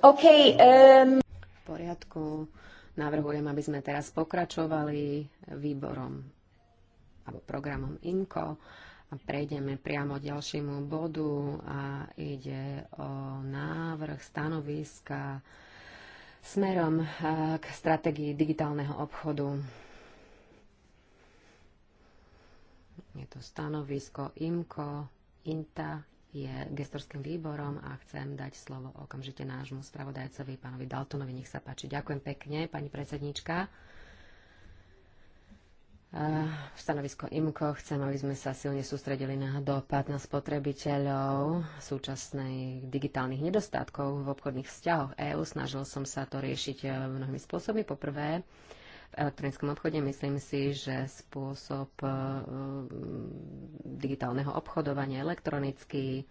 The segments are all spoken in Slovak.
OK. Um... V poriadku. Navrhujem, aby sme teraz pokračovali výborom alebo programom INKO a prejdeme priamo k ďalšiemu bodu a ide o návrh stanoviska smerom eh, k stratégii digitálneho obchodu. Je to stanovisko IMCO, INTA je gestorským výborom a chcem dať slovo okamžite nášmu spravodajcovi, pánovi Daltonovi. Nech sa páči. Ďakujem pekne, pani predsednička. V e, stanovisko IMKO chcem, aby sme sa silne sústredili na dopad na spotrebiteľov súčasných digitálnych nedostatkov v obchodných vzťahoch EÚ. Snažil som sa to riešiť e, mnohými spôsobmi. Poprvé, v elektronickom obchode. Myslím si, že spôsob e, digitálneho obchodovania elektronicky,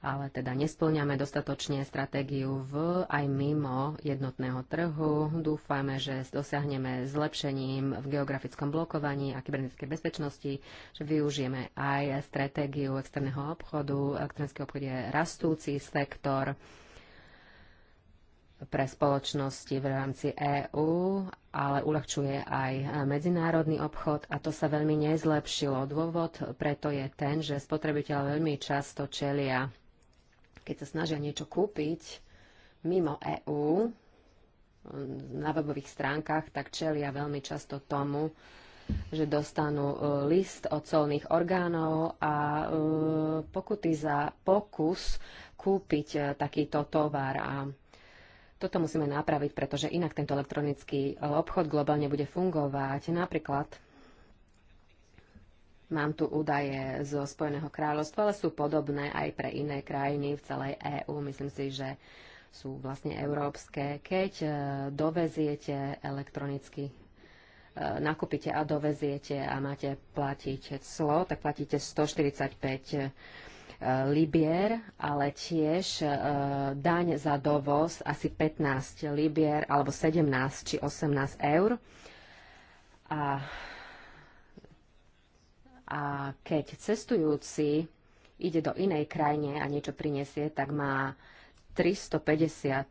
ale teda nesplňame dostatočne stratégiu v aj mimo jednotného trhu. Dúfame, že dosiahneme zlepšením v geografickom blokovaní a kybernetickej bezpečnosti, že využijeme aj stratégiu externého obchodu. Elektronický obchod je rastúci sektor pre spoločnosti v rámci EÚ, ale uľahčuje aj medzinárodný obchod a to sa veľmi nezlepšilo. Dôvod preto je ten, že spotrebiteľ veľmi často čelia, keď sa snažia niečo kúpiť mimo EÚ na webových stránkach, tak čelia veľmi často tomu, že dostanú e, list od colných orgánov a e, pokuty za pokus kúpiť e, takýto tovar. A toto musíme napraviť, pretože inak tento elektronický e, obchod globálne bude fungovať. Napríklad mám tu údaje zo Spojeného kráľovstva, ale sú podobné aj pre iné krajiny v celej EÚ. Myslím si, že sú vlastne európske. Keď e, doveziete elektronicky e, nakúpite a doveziete a máte platiť clo, tak platíte 145 libier, ale tiež e, daň za dovoz asi 15 libier alebo 17 či 18 eur. A, a keď cestujúci ide do inej krajine a niečo prinesie, tak má 350 e,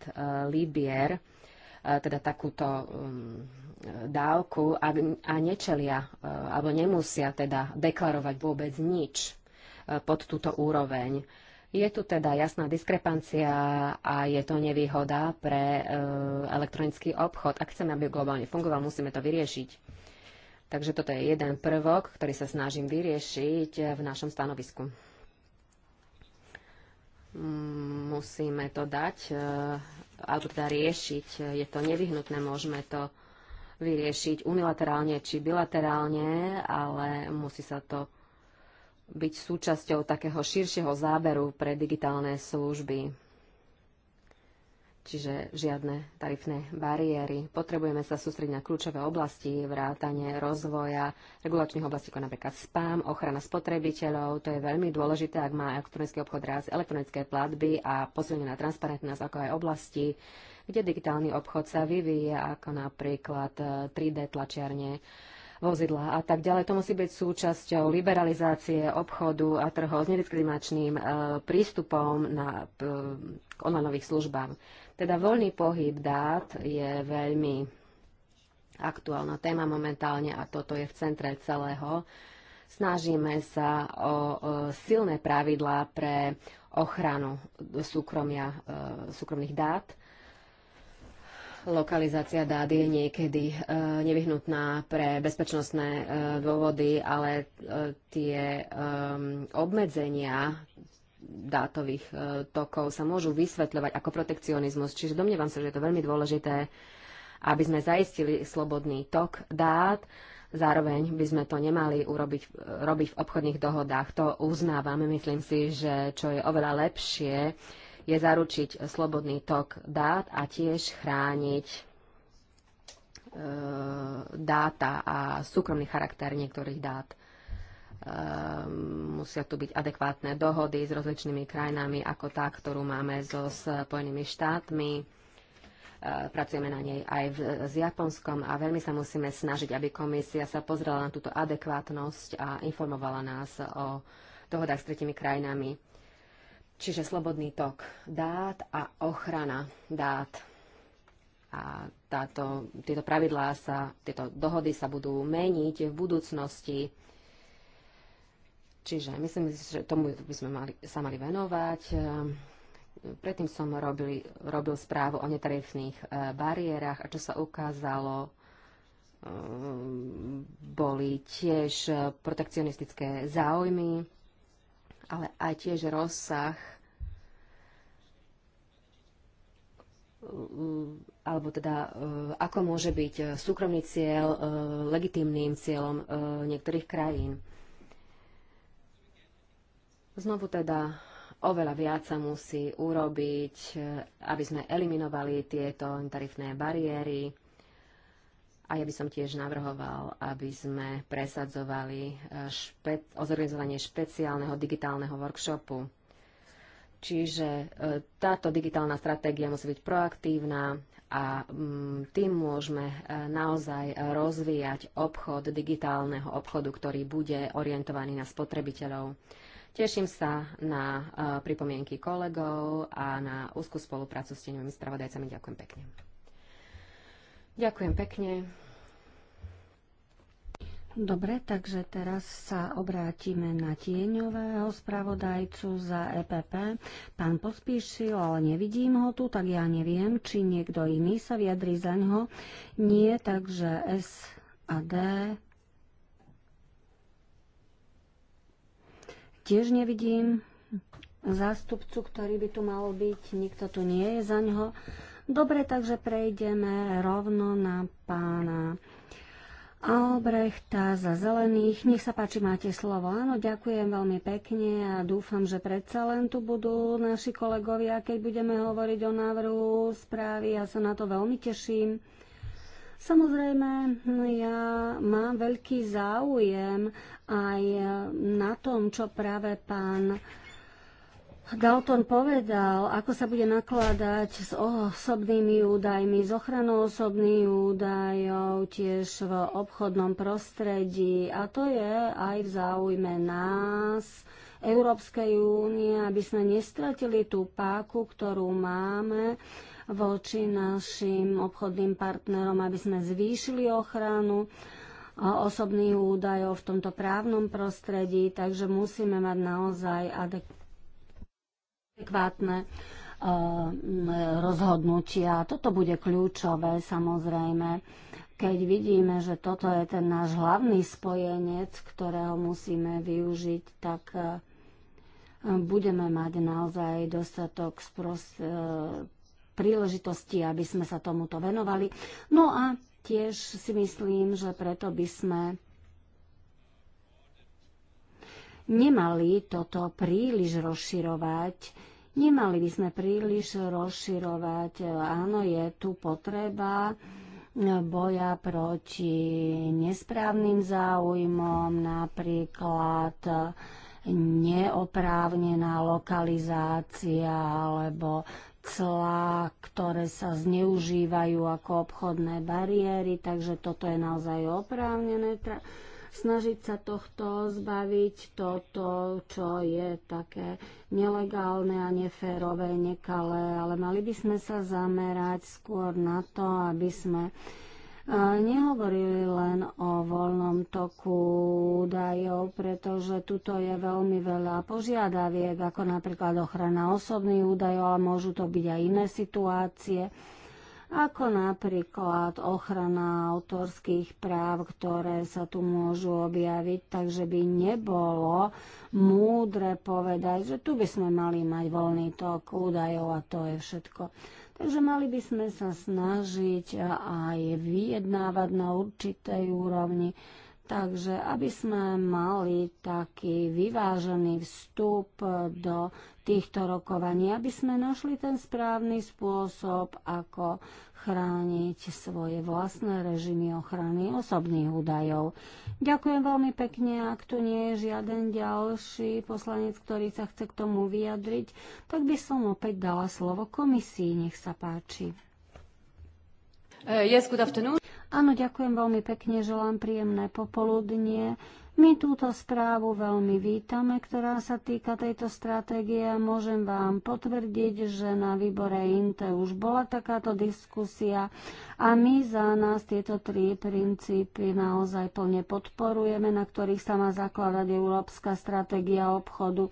libier, e, teda takúto mm, dávku a, nečelia, alebo nemusia teda deklarovať vôbec nič pod túto úroveň. Je tu teda jasná diskrepancia a je to nevýhoda pre e, elektronický obchod. Ak chceme, aby globálne fungoval, musíme to vyriešiť. Takže toto je jeden prvok, ktorý sa snažím vyriešiť v našom stanovisku. Musíme to dať, e, alebo teda riešiť. Je to nevyhnutné, môžeme to vyriešiť unilaterálne či bilaterálne, ale musí sa to byť súčasťou takého širšieho záberu pre digitálne služby. Čiže žiadne tarifné bariéry. Potrebujeme sa sústrediť na kľúčové oblasti, vrátanie rozvoja regulačných oblastí, ako napríklad spam, ochrana spotrebiteľov. To je veľmi dôležité, ak má elektronický obchod raz elektronické platby a posilnená transparentnosť, ako aj oblasti, kde digitálny obchod sa vyvíja, ako napríklad 3D eh, tlačiarne, vozidlá a tak ďalej. To musí byť súčasťou liberalizácie obchodu a trho s nediskriminačným e, prístupom na, k onlineových službám. Teda voľný pohyb dát je veľmi aktuálna téma momentálne a toto je v centre celého. Snažíme sa o, o silné pravidlá pre ochranu súkromia, e, súkromných dát lokalizácia dát je niekedy e, nevyhnutná pre bezpečnostné e, dôvody, ale e, tie obmedzenia dátových tokov sa môžu vysvetľovať ako protekcionizmus. Čiže domnievam sa, že je to veľmi dôležité, aby sme zaistili slobodný tok dát. Zároveň by sme to nemali urobiť, robiť v obchodných dohodách. To uznávame. Myslím si, že čo je oveľa lepšie, je zaručiť slobodný tok dát a tiež chrániť e, dáta a súkromný charakter niektorých dát. E, musia tu byť adekvátne dohody s rozličnými krajinami, ako tá, ktorú máme so Spojenými štátmi. E, pracujeme na nej aj v, s Japonskom a veľmi sa musíme snažiť, aby komisia sa pozrela na túto adekvátnosť a informovala nás o dohodách s tretimi krajinami Čiže slobodný tok dát a ochrana dát. A táto, tieto pravidlá sa, tieto dohody sa budú meniť v budúcnosti. Čiže myslím, že tomu by sme mali, sa mali venovať. Predtým som robil, robil správu o netarifných e, bariérach a čo sa ukázalo, e, boli tiež protekcionistické záujmy ale aj tiež rozsah alebo teda eh, ako môže byť eh, súkromný cieľ eh, legitímnym cieľom niektorých krajín. Znovu teda oveľa viac sa musí urobiť, aby sme eliminovali tieto tarifné bariéry a ja by som tiež navrhoval, aby sme presadzovali e, špe- ozorganizovanie špeciálneho digitálneho workshopu. Čiže e, táto digitálna stratégia musí byť proaktívna a mm, tým môžeme e, naozaj rozvíjať obchod digitálneho obchodu, ktorý bude orientovaný na spotrebiteľov. Teším sa na pripomienky kolegov a na úzkú spoluprácu s tenovými spravodajcami. Ďakujem pekne. Ďakujem pekne. Dobre, takže teraz sa obrátime na tieňového spravodajcu za EPP. Pán Pospíšil, ale nevidím ho tu, tak ja neviem, či niekto iný sa vyjadri za ňo. Nie, takže S a D. Tiež nevidím zástupcu, ktorý by tu mal byť. Nikto tu nie je za ňoho. Dobre, takže prejdeme rovno na pána Albrechta za zelených. Nech sa páči, máte slovo. Áno, ďakujem veľmi pekne a dúfam, že predsa len tu budú naši kolegovia, keď budeme hovoriť o návrhu správy. Ja sa na to veľmi teším. Samozrejme, ja mám veľký záujem aj na tom, čo práve pán Dalton povedal, ako sa bude nakladať s osobnými údajmi, s ochranou osobných údajov, tiež v obchodnom prostredí. A to je aj v záujme nás, Európskej únie, aby sme nestratili tú páku, ktorú máme voči našim obchodným partnerom, aby sme zvýšili ochranu osobných údajov v tomto právnom prostredí, takže musíme mať naozaj adekvátne adekvátne eh, rozhodnutia. Toto bude kľúčové samozrejme, keď vidíme, že toto je ten náš hlavný spojenec, ktorého musíme využiť, tak eh, budeme mať naozaj dostatok spros- eh, príležitosti, aby sme sa tomuto venovali. No a tiež si myslím, že preto by sme nemali toto príliš rozširovať, Nemali by sme príliš rozširovať. Áno, je tu potreba boja proti nesprávnym záujmom, napríklad neoprávnená lokalizácia alebo clá, ktoré sa zneužívajú ako obchodné bariéry, takže toto je naozaj oprávnené snažiť sa tohto zbaviť, toto, čo je také nelegálne a neférové, nekalé, ale mali by sme sa zamerať skôr na to, aby sme e, nehovorili len o voľnom toku údajov, pretože tuto je veľmi veľa požiadaviek, ako napríklad ochrana osobných údajov, ale môžu to byť aj iné situácie ako napríklad ochrana autorských práv, ktoré sa tu môžu objaviť, takže by nebolo múdre povedať, že tu by sme mali mať voľný tok údajov a to je všetko. Takže mali by sme sa snažiť aj vyjednávať na určitej úrovni, Takže aby sme mali taký vyvážený vstup do týchto rokovaní, aby sme našli ten správny spôsob, ako chrániť svoje vlastné režimy ochrany osobných údajov. Ďakujem veľmi pekne, ak tu nie je žiaden ďalší poslanec, ktorý sa chce k tomu vyjadriť, tak by som opäť dala slovo komisii, nech sa páči. Uh, yes, good afternoon. Áno, ďakujem veľmi pekne, želám príjemné popoludnie. My túto správu veľmi vítame, ktorá sa týka tejto stratégie a môžem vám potvrdiť, že na výbore INTE už bola takáto diskusia a my za nás tieto tri princípy naozaj plne podporujeme, na ktorých sa má zakladať európska stratégia obchodu.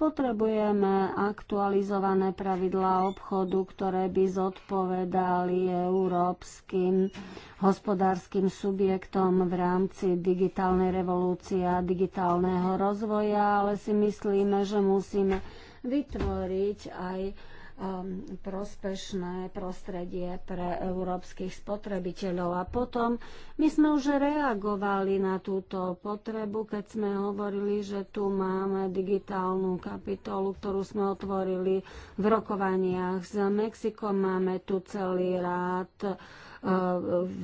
Potrebujeme aktualizované pravidlá obchodu, ktoré by zodpovedali európskym hospodárskym subjektom v rámci digitálnej revolúcie a digitálneho rozvoja, ale si myslíme, že musíme vytvoriť aj Um, prospešné prostredie pre európskych spotrebiteľov. A potom my sme už reagovali na túto potrebu, keď sme hovorili, že tu máme digitálnu kapitolu, ktorú sme otvorili v rokovaniach s Mexikom. Máme tu celý rád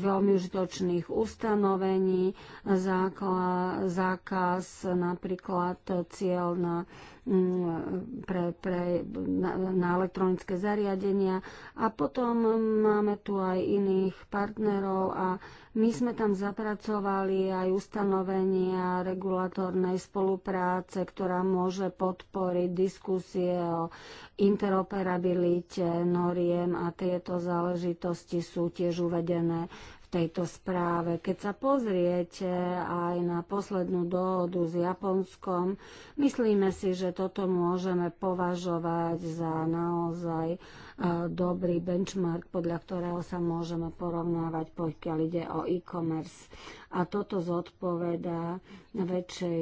veľmi užitočných ustanovení, zákaz napríklad cieľ na, pre, pre, na, na elektronické zariadenia a potom máme tu aj iných partnerov a my sme tam zapracovali aj ustanovenia regulatórnej spolupráce, ktorá môže podporiť diskusie o interoperabilite noriem a tieto záležitosti sú tiež uvedené tejto správe. Keď sa pozriete aj na poslednú dohodu s Japonskom, myslíme si, že toto môžeme považovať za naozaj e, dobrý benchmark, podľa ktorého sa môžeme porovnávať, pokiaľ ide o e-commerce. A toto zodpovedá väčšej,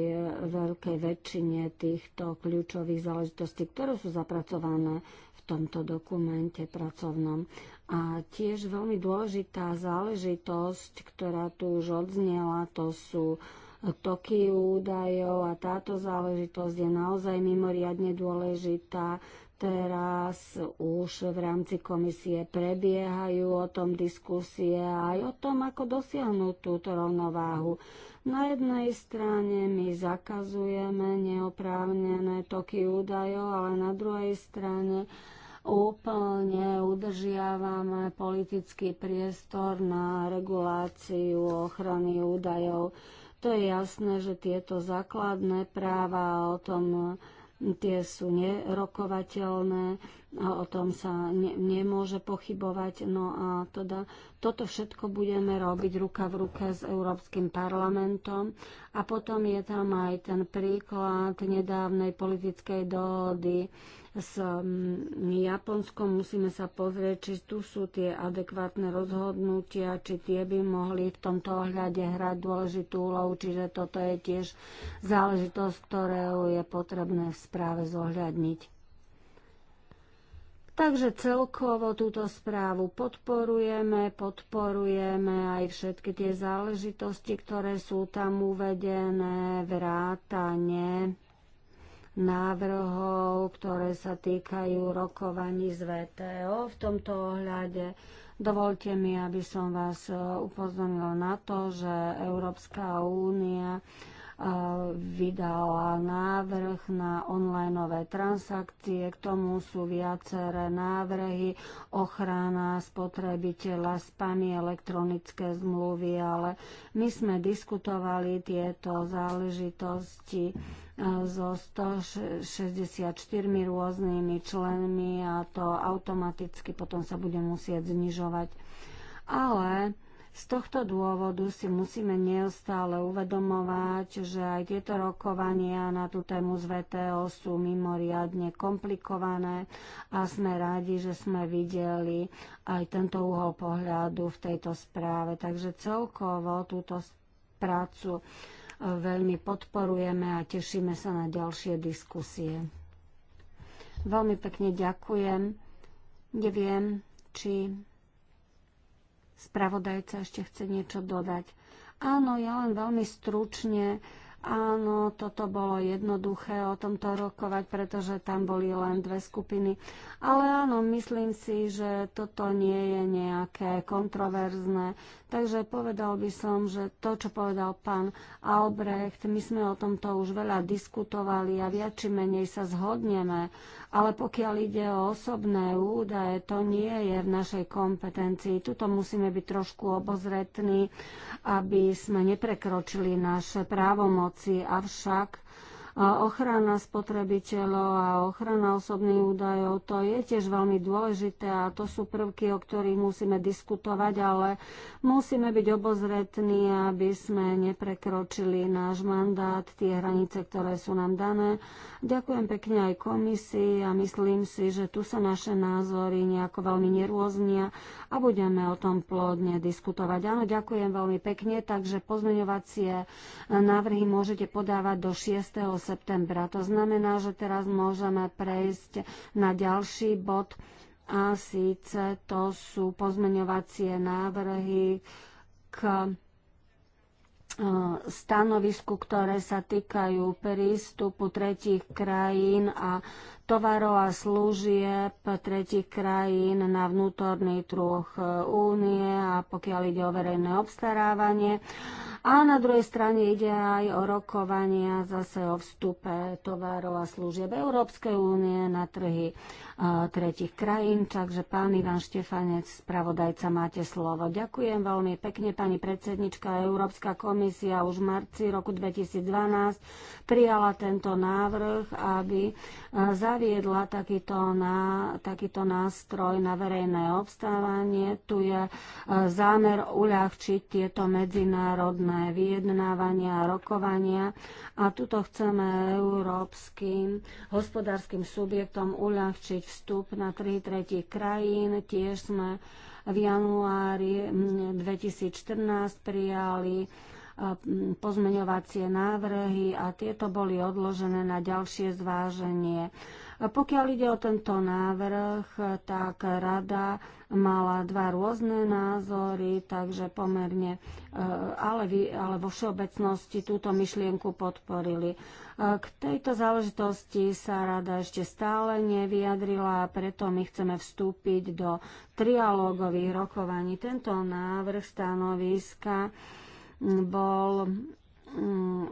veľkej väčšine týchto kľúčových záležitostí, ktoré sú zapracované v tomto dokumente pracovnom. A tiež veľmi dôležitá záležitosť, ktorá tu už odznela, to sú eh, toky údajov a táto záležitosť je naozaj mimoriadne dôležitá. Teraz už v rámci komisie prebiehajú o tom diskusie aj o tom, ako dosiahnuť túto rovnováhu. Na jednej strane my zakazujeme neoprávnené toky údajov, ale na druhej strane uh, Úplne udržiavame politický priestor na reguláciu ochrany údajov. To je jasné, že tieto základné práva o tom tie sú nerokovateľné, o tom sa ne, nemôže pochybovať. No a teda toto všetko budeme robiť ruka v ruke s Európskym parlamentom. A potom je tam aj ten príklad nedávnej politickej dohody s Japonskom. Musíme sa pozrieť, či tu sú tie adekvátne rozhodnutia, či tie by mohli v tomto ohľade hrať dôležitú úlohu. Čiže toto je tiež záležitosť, ktorú je potrebné v správe zohľadniť. Takže celkovo túto správu podporujeme, podporujeme aj všetky tie záležitosti, ktoré sú tam uvedené, vrátane návrhov, ktoré sa týkajú rokovaní z VTO. V tomto ohľade dovolte mi, aby som vás eh, upozornila na to, že Európska únia vydala návrh na onlineové transakcie. K tomu sú viaceré návrhy, ochrana spotrebiteľa, spamy, elektronické zmluvy, ale my sme diskutovali tieto záležitosti so 164 rôznymi členmi a to automaticky potom sa bude musieť znižovať. Ale z tohto dôvodu si musíme neustále uvedomovať, že aj tieto rokovania na tú tému z VTO sú mimoriadne komplikované a sme radi, že sme videli aj tento uhol pohľadu v tejto správe. Takže celkovo túto prácu e, veľmi podporujeme a tešíme sa na ďalšie diskusie. Veľmi pekne ďakujem. Neviem, či Spravodajca ešte chce niečo dodať. Áno, ja len veľmi stručne. Áno, toto bolo jednoduché o tomto rokovať, pretože tam boli len dve skupiny. Ale áno, myslím si, že toto nie je nejaké kontroverzné. Takže povedal by som, že to, čo povedal pán Albrecht, my sme o tomto už veľa diskutovali a viac či menej sa zhodneme. Ale pokiaľ ide o osobné údaje, to nie je v našej kompetencii. Tuto musíme byť trošku obozretní, aby sme neprekročili naše právomoci. Avšak Ochrana spotrebiteľov a ochrana osobných údajov, to je tiež veľmi dôležité a to sú prvky, o ktorých musíme diskutovať, ale musíme byť obozretní, aby sme neprekročili náš mandát, tie hranice, ktoré sú nám dané. Ďakujem pekne aj komisii a myslím si, že tu sa naše názory nejako veľmi nerôznia a budeme o tom plodne diskutovať. Áno, ďakujem veľmi pekne, takže pozmeňovacie návrhy môžete podávať do 6 septembra. To znamená, že teraz môžeme prejsť na ďalší bod a síce to sú pozmeňovacie návrhy k e, stanovisku, ktoré sa týkajú prístupu tretich krajín a tovarov a služieb tretich krajín na vnútorný trh únie a pokiaľ ide o verejné obstarávanie. A na druhej strane ide aj o rokovania zase o vstupe tovarov a služieb Európskej únie na trhy tretich krajín. Takže pán Ivan Štefanec, spravodajca, máte slovo. Ďakujem veľmi pekne, pani predsednička. Európska komisia už v marci roku 2012 prijala tento návrh, aby zaviedla takýto, na, takýto nástroj na verejné obstávanie. Tu je zámer uľahčiť tieto medzinárodné vyjednávania a rokovania. A tuto chceme európskym hospodárskym subjektom uľahčiť vstup na tri tretie krajín. Tiež sme v januári 2014 prijali e, pozmeňovacie návrhy a tieto boli odložené na ďalšie zváženie. Pokiaľ ide o tento návrh, tak rada mala dva rôzne názory, takže pomerne, e, ale, ale vo všeobecnosti túto myšlienku podporili. K tejto záležitosti sa rada ešte stále nevyjadrila a preto my chceme vstúpiť do trialógových rokovaní. Tento návrh stanoviska bol, mm,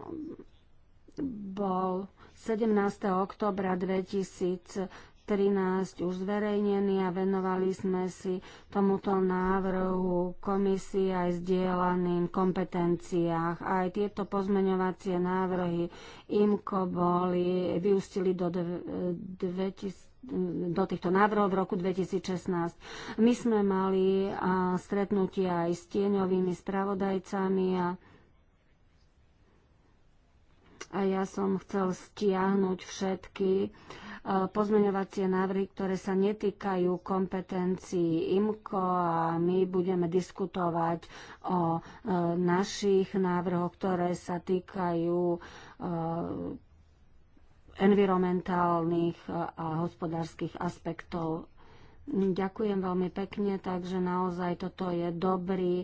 bol 17. oktobra 2000 13 už zverejnený a venovali sme si tomuto návrhu komisie aj zdieľaným kompetenciách. Aj tieto pozmeňovacie návrhy IMKO boli, vyústili do 2000 do týchto návrhov v roku 2016. My sme mali stretnutia aj s tieňovými spravodajcami a a ja som chcel stiahnuť všetky pozmeňovacie návrhy, ktoré sa netýkajú kompetencií IMCO a my budeme diskutovať o e, našich návrhoch, ktoré sa týkajú e, environmentálnych a hospodárskych aspektov. Ďakujem veľmi pekne, takže naozaj toto je dobrý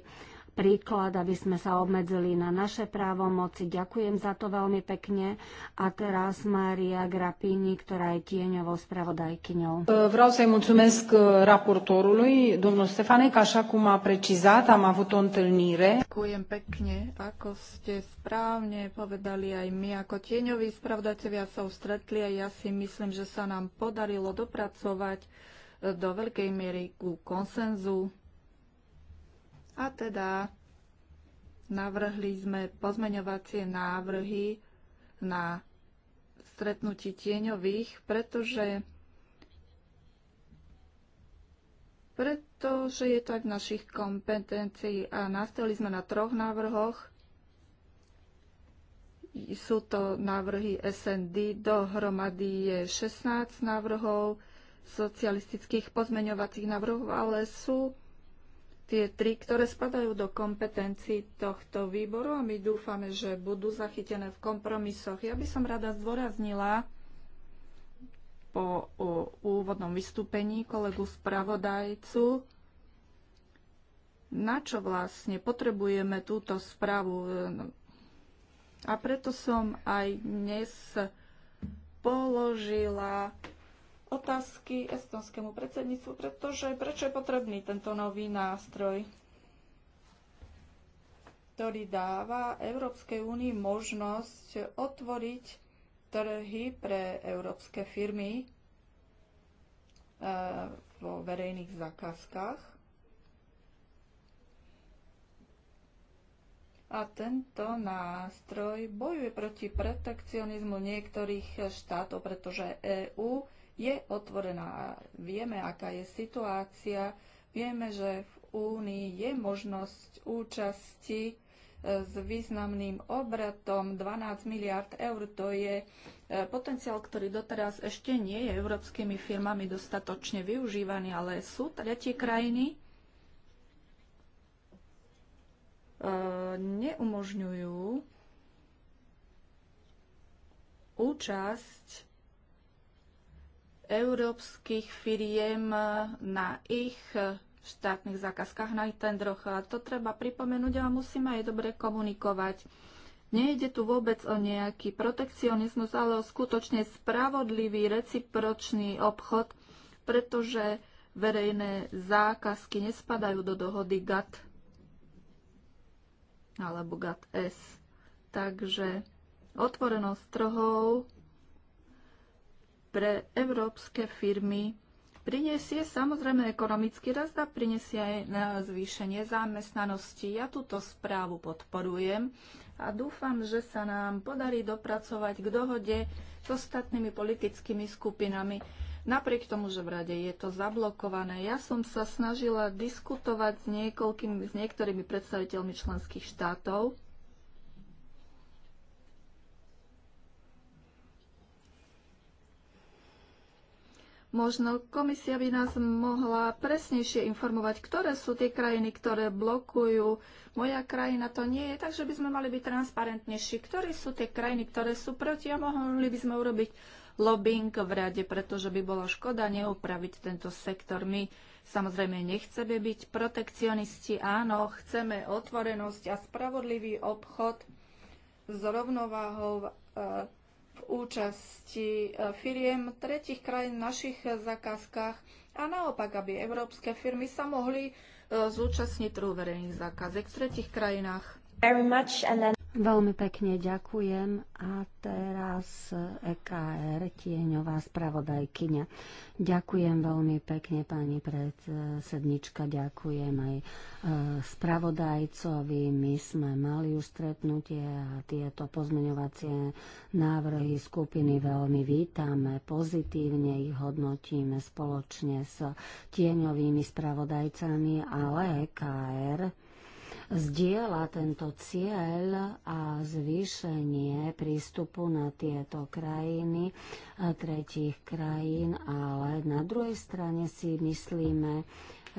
príklad, aby sme sa obmedzili na naše právomoci. Ďakujem za to veľmi pekne. A teraz Mária Grapini, ktorá je tieňovou spravodajkyňou. E, vreau să-i mulțumesc e, raportorului, domnul Stefanek, așa cum a precizat, am avut o întâlnire. Ďakujem pekne. Ako ste správne povedali aj my, ako tieňoví spravodajcovia sa stretli a ja si myslím, že sa nám podarilo dopracovať e, do veľkej miery ku konsenzu a teda navrhli sme pozmeňovacie návrhy na stretnutí tieňových, pretože pretože je to aj v našich kompetencií a nastavili sme na troch návrhoch. Sú to návrhy SND, dohromady je 16 návrhov socialistických pozmeňovacích návrhov, ale sú tie tri, ktoré spadajú do kompetencií tohto výboru a my dúfame, že budú zachytené v kompromisoch. Ja by som rada zdôraznila po úvodnom vystúpení kolegu spravodajcu, na čo vlastne potrebujeme túto správu. A preto som aj dnes položila otázky estonskému predsedníctvu, pretože prečo je potrebný tento nový nástroj, ktorý dáva Európskej únii možnosť otvoriť trhy pre európske firmy e, vo verejných zákazkách. A tento nástroj bojuje proti protekcionizmu niektorých štátov, pretože EÚ je otvorená. Vieme, aká je situácia, vieme, že v Únii je možnosť účasti e, s významným obratom 12 miliard eur. To je e, potenciál, ktorý doteraz ešte nie je európskymi firmami dostatočne využívaný, ale sú tretie krajiny, e, neumožňujú účasť európskych firiem na ich štátnych zákazkách, na ich tendroch. A to treba pripomenúť a musíme aj dobre komunikovať. Nejde tu vôbec o nejaký protekcionizmus, ale o skutočne spravodlivý, recipročný obchod, pretože verejné zákazky nespadajú do dohody GATT alebo GATT-S. Takže otvorenosť trhov pre európske firmy prinesie samozrejme ekonomický rast a prinesie aj na e, zvýšenie zamestnanosti. Ja túto správu podporujem a dúfam, že sa nám podarí dopracovať k dohode s ostatnými politickými skupinami. Napriek tomu, že v rade je to zablokované, ja som sa snažila diskutovať s, niekoľkými, s niektorými predstaviteľmi členských štátov Možno komisia by nás mohla presnejšie informovať, ktoré sú tie krajiny, ktoré blokujú. Moja krajina to nie je, takže by sme mali byť transparentnejší. Ktoré sú tie krajiny, ktoré sú proti a mohli by sme urobiť lobbying v rade, pretože by bolo škoda neupraviť tento sektor. My samozrejme nechceme byť protekcionisti, áno, chceme otvorenosť a spravodlivý obchod s rovnováhou e, účasti e, firiem tretich krajín v našich zakázkach a naopak, aby európske firmy sa mohli e, zúčastniť trhu verejných zákazek v tretich krajinách. Very much and then... Veľmi pekne ďakujem. A teraz EKR, tieňová spravodajkyňa. Ďakujem veľmi pekne, pani predsednička. Ďakujem aj e, spravodajcovi. My sme mali už stretnutie a tieto pozmeňovacie návrhy skupiny veľmi vítame. Pozitívne ich hodnotíme spoločne s tieňovými spravodajcami, ale EKR zdieľa tento cieľ a zvýšenie prístupu na tieto krajiny tretich krajín, ale na druhej strane si myslíme,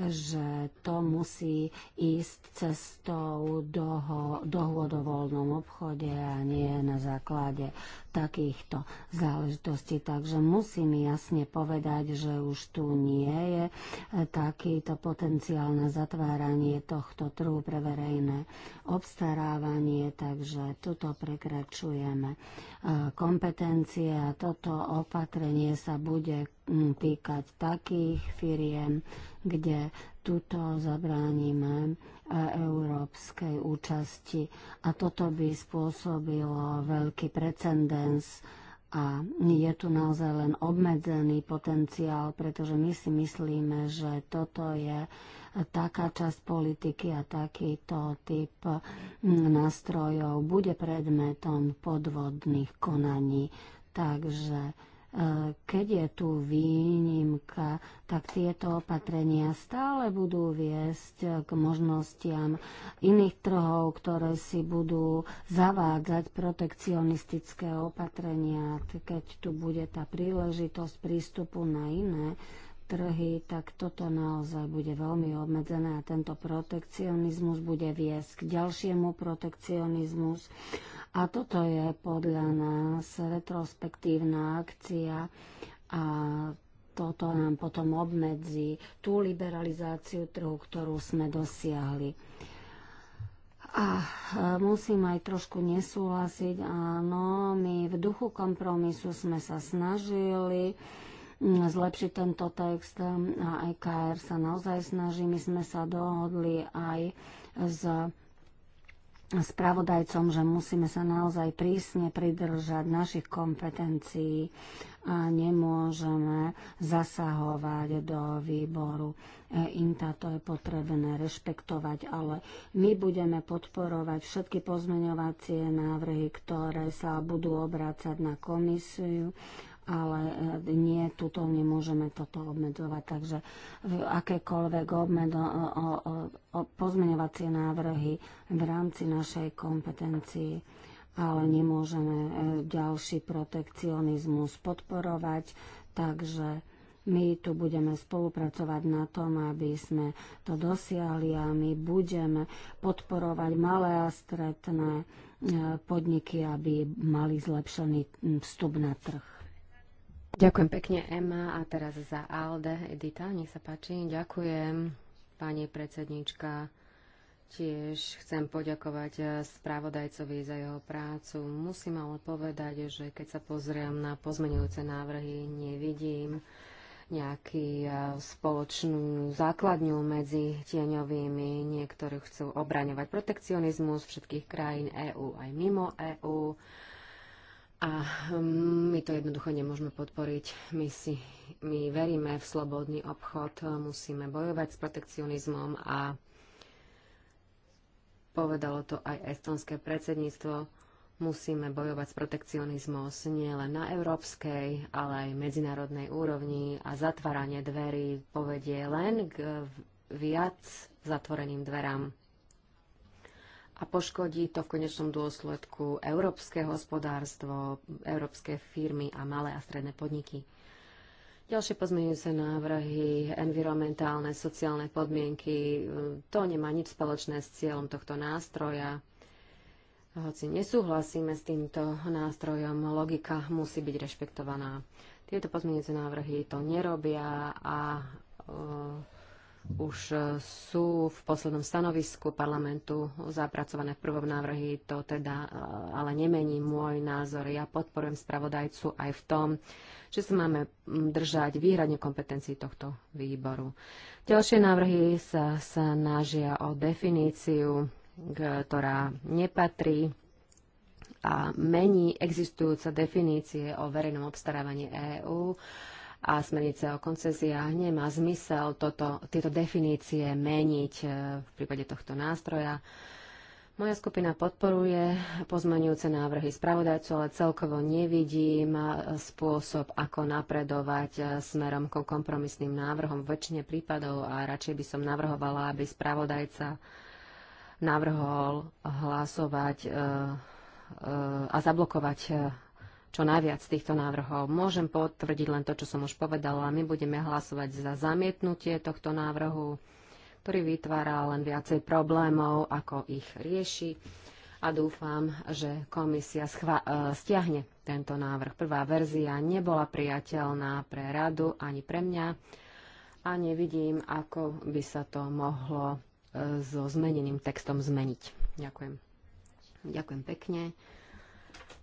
že to musí ísť cestou doho, o voľnom obchode a nie na základe takýchto záležitostí. Takže musím jasne povedať, že už tu nie je eh, takýto potenciál na zatváranie tohto trhu pre verejné obstarávanie, takže tuto prekračujeme eh, kompetencie a toto opatrenie sa bude hm, týkať takých firiem, kde tuto zabránime a európskej účasti. A toto by spôsobilo veľký precedens a je tu naozaj len obmedzený potenciál, pretože my si myslíme, že toto je taká časť politiky a takýto typ mm, nástrojov bude predmetom podvodných konaní. Takže E, keď je tu výnimka, tak tieto opatrenia stále budú viesť k možnostiam iných trhov, ktoré si budú zavádzať protekcionistické opatrenia. Keď tu bude tá príležitosť prístupu na iné trhy, tak toto naozaj bude veľmi obmedzené a tento protekcionizmus bude viesť k ďalšiemu protekcionizmus. A toto je podľa nás retrospektívna akcia a toto nám potom obmedzí tú liberalizáciu trhu, ktorú sme dosiahli. A e, musím aj trošku nesúhlasiť, áno, my v duchu kompromisu sme sa snažili zlepšiť tento text a EKR sa naozaj snaží. My sme sa dohodli aj s spravodajcom, že musíme sa naozaj prísne pridržať našich kompetencií a nemôžeme zasahovať do výboru e INTA. To je potrebné rešpektovať, ale my budeme podporovať všetky pozmeňovacie návrhy, ktoré sa budú obrácať na komisiu ale e, nie, tuto nemôžeme toto obmedzovať. Takže akékoľvek obmedo, o, o, o pozmeňovacie návrhy v rámci našej kompetencii ale nemôžeme e, ďalší protekcionizmus podporovať, takže my tu budeme spolupracovať na tom, aby sme to dosiahli a my budeme podporovať malé a stretné e, podniky, aby mali zlepšený vstup na trh. Ďakujem pekne, Ema. A teraz za Alde, Edita, nech sa páči. Ďakujem, pani predsednička. Tiež chcem poďakovať eh, správodajcovi za jeho prácu. Musím ale povedať, že keď sa pozriem na pozmenujúce návrhy, nevidím nejakú eh, spoločnú základňu medzi tieňovými. Niektorí chcú obraňovať protekcionizmus všetkých krajín EÚ aj mimo EÚ. A hm, my to jednoducho nemôžeme podporiť. My, si, my veríme v slobodný obchod, musíme bojovať s protekcionizmom a povedalo to aj estonské predsedníctvo, musíme bojovať s protekcionizmom nielen na európskej, ale aj medzinárodnej úrovni a zatváranie dverí povedie len k viac zatvoreným dverám a poškodí to v konečnom dôsledku európske hospodárstvo, európske firmy a malé a stredné podniky. Ďalšie pozmeňujúce návrhy, environmentálne, sociálne podmienky, to nemá nič spoločné s cieľom tohto nástroja. Hoci nesúhlasíme s týmto nástrojom, logika musí byť rešpektovaná. Tieto pozmeňujúce návrhy to nerobia a už e, sú v poslednom stanovisku parlamentu zapracované v prvom návrhy, to teda e, ale nemení môj názor. Ja podporujem spravodajcu aj v tom, že sa máme držať výhradne kompetencií tohto výboru. Ďalšie návrhy sa snažia o definíciu, ktorá nepatrí a mení existujúce definície o verejnom obstarávaní EÚ a smernice o koncesiách. Nemá zmysel toto, tieto definície meniť e, v prípade tohto nástroja. Moja skupina podporuje pozmenujúce návrhy spravodajcu, ale celkovo nevidím e, spôsob, ako napredovať e, smerom ko kompromisným návrhom v väčšine prípadov a radšej by som navrhovala, aby spravodajca navrhol hlasovať a zablokovať čo najviac týchto návrhov. Môžem potvrdiť len to, čo som už povedala. My budeme hlasovať za zamietnutie tohto návrhu, ktorý vytvára len viacej problémov, ako ich rieši. A dúfam, že komisia e, stiahne tento návrh. Prvá verzia nebola priateľná pre radu ani pre mňa a nevidím, ako by sa to mohlo e, so zmeneným textom zmeniť. Ďakujem. Ďakujem pekne.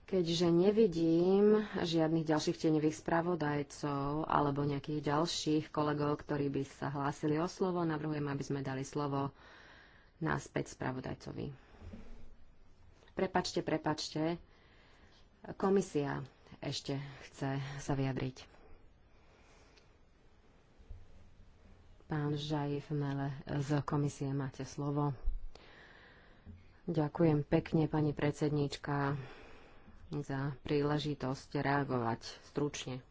Keďže nevidím žiadnych ďalších tenivých spravodajcov alebo nejakých ďalších kolegov, ktorí by sa hlásili o slovo, navrhujem, aby sme dali slovo naspäť spravodajcovi. Prepačte, prepačte. Komisia ešte chce sa vyjadriť. Pán Žajiv Mele z komisie, máte slovo. Ďakujem pekne, pani predsedníčka za príležitosť reagovať stručne.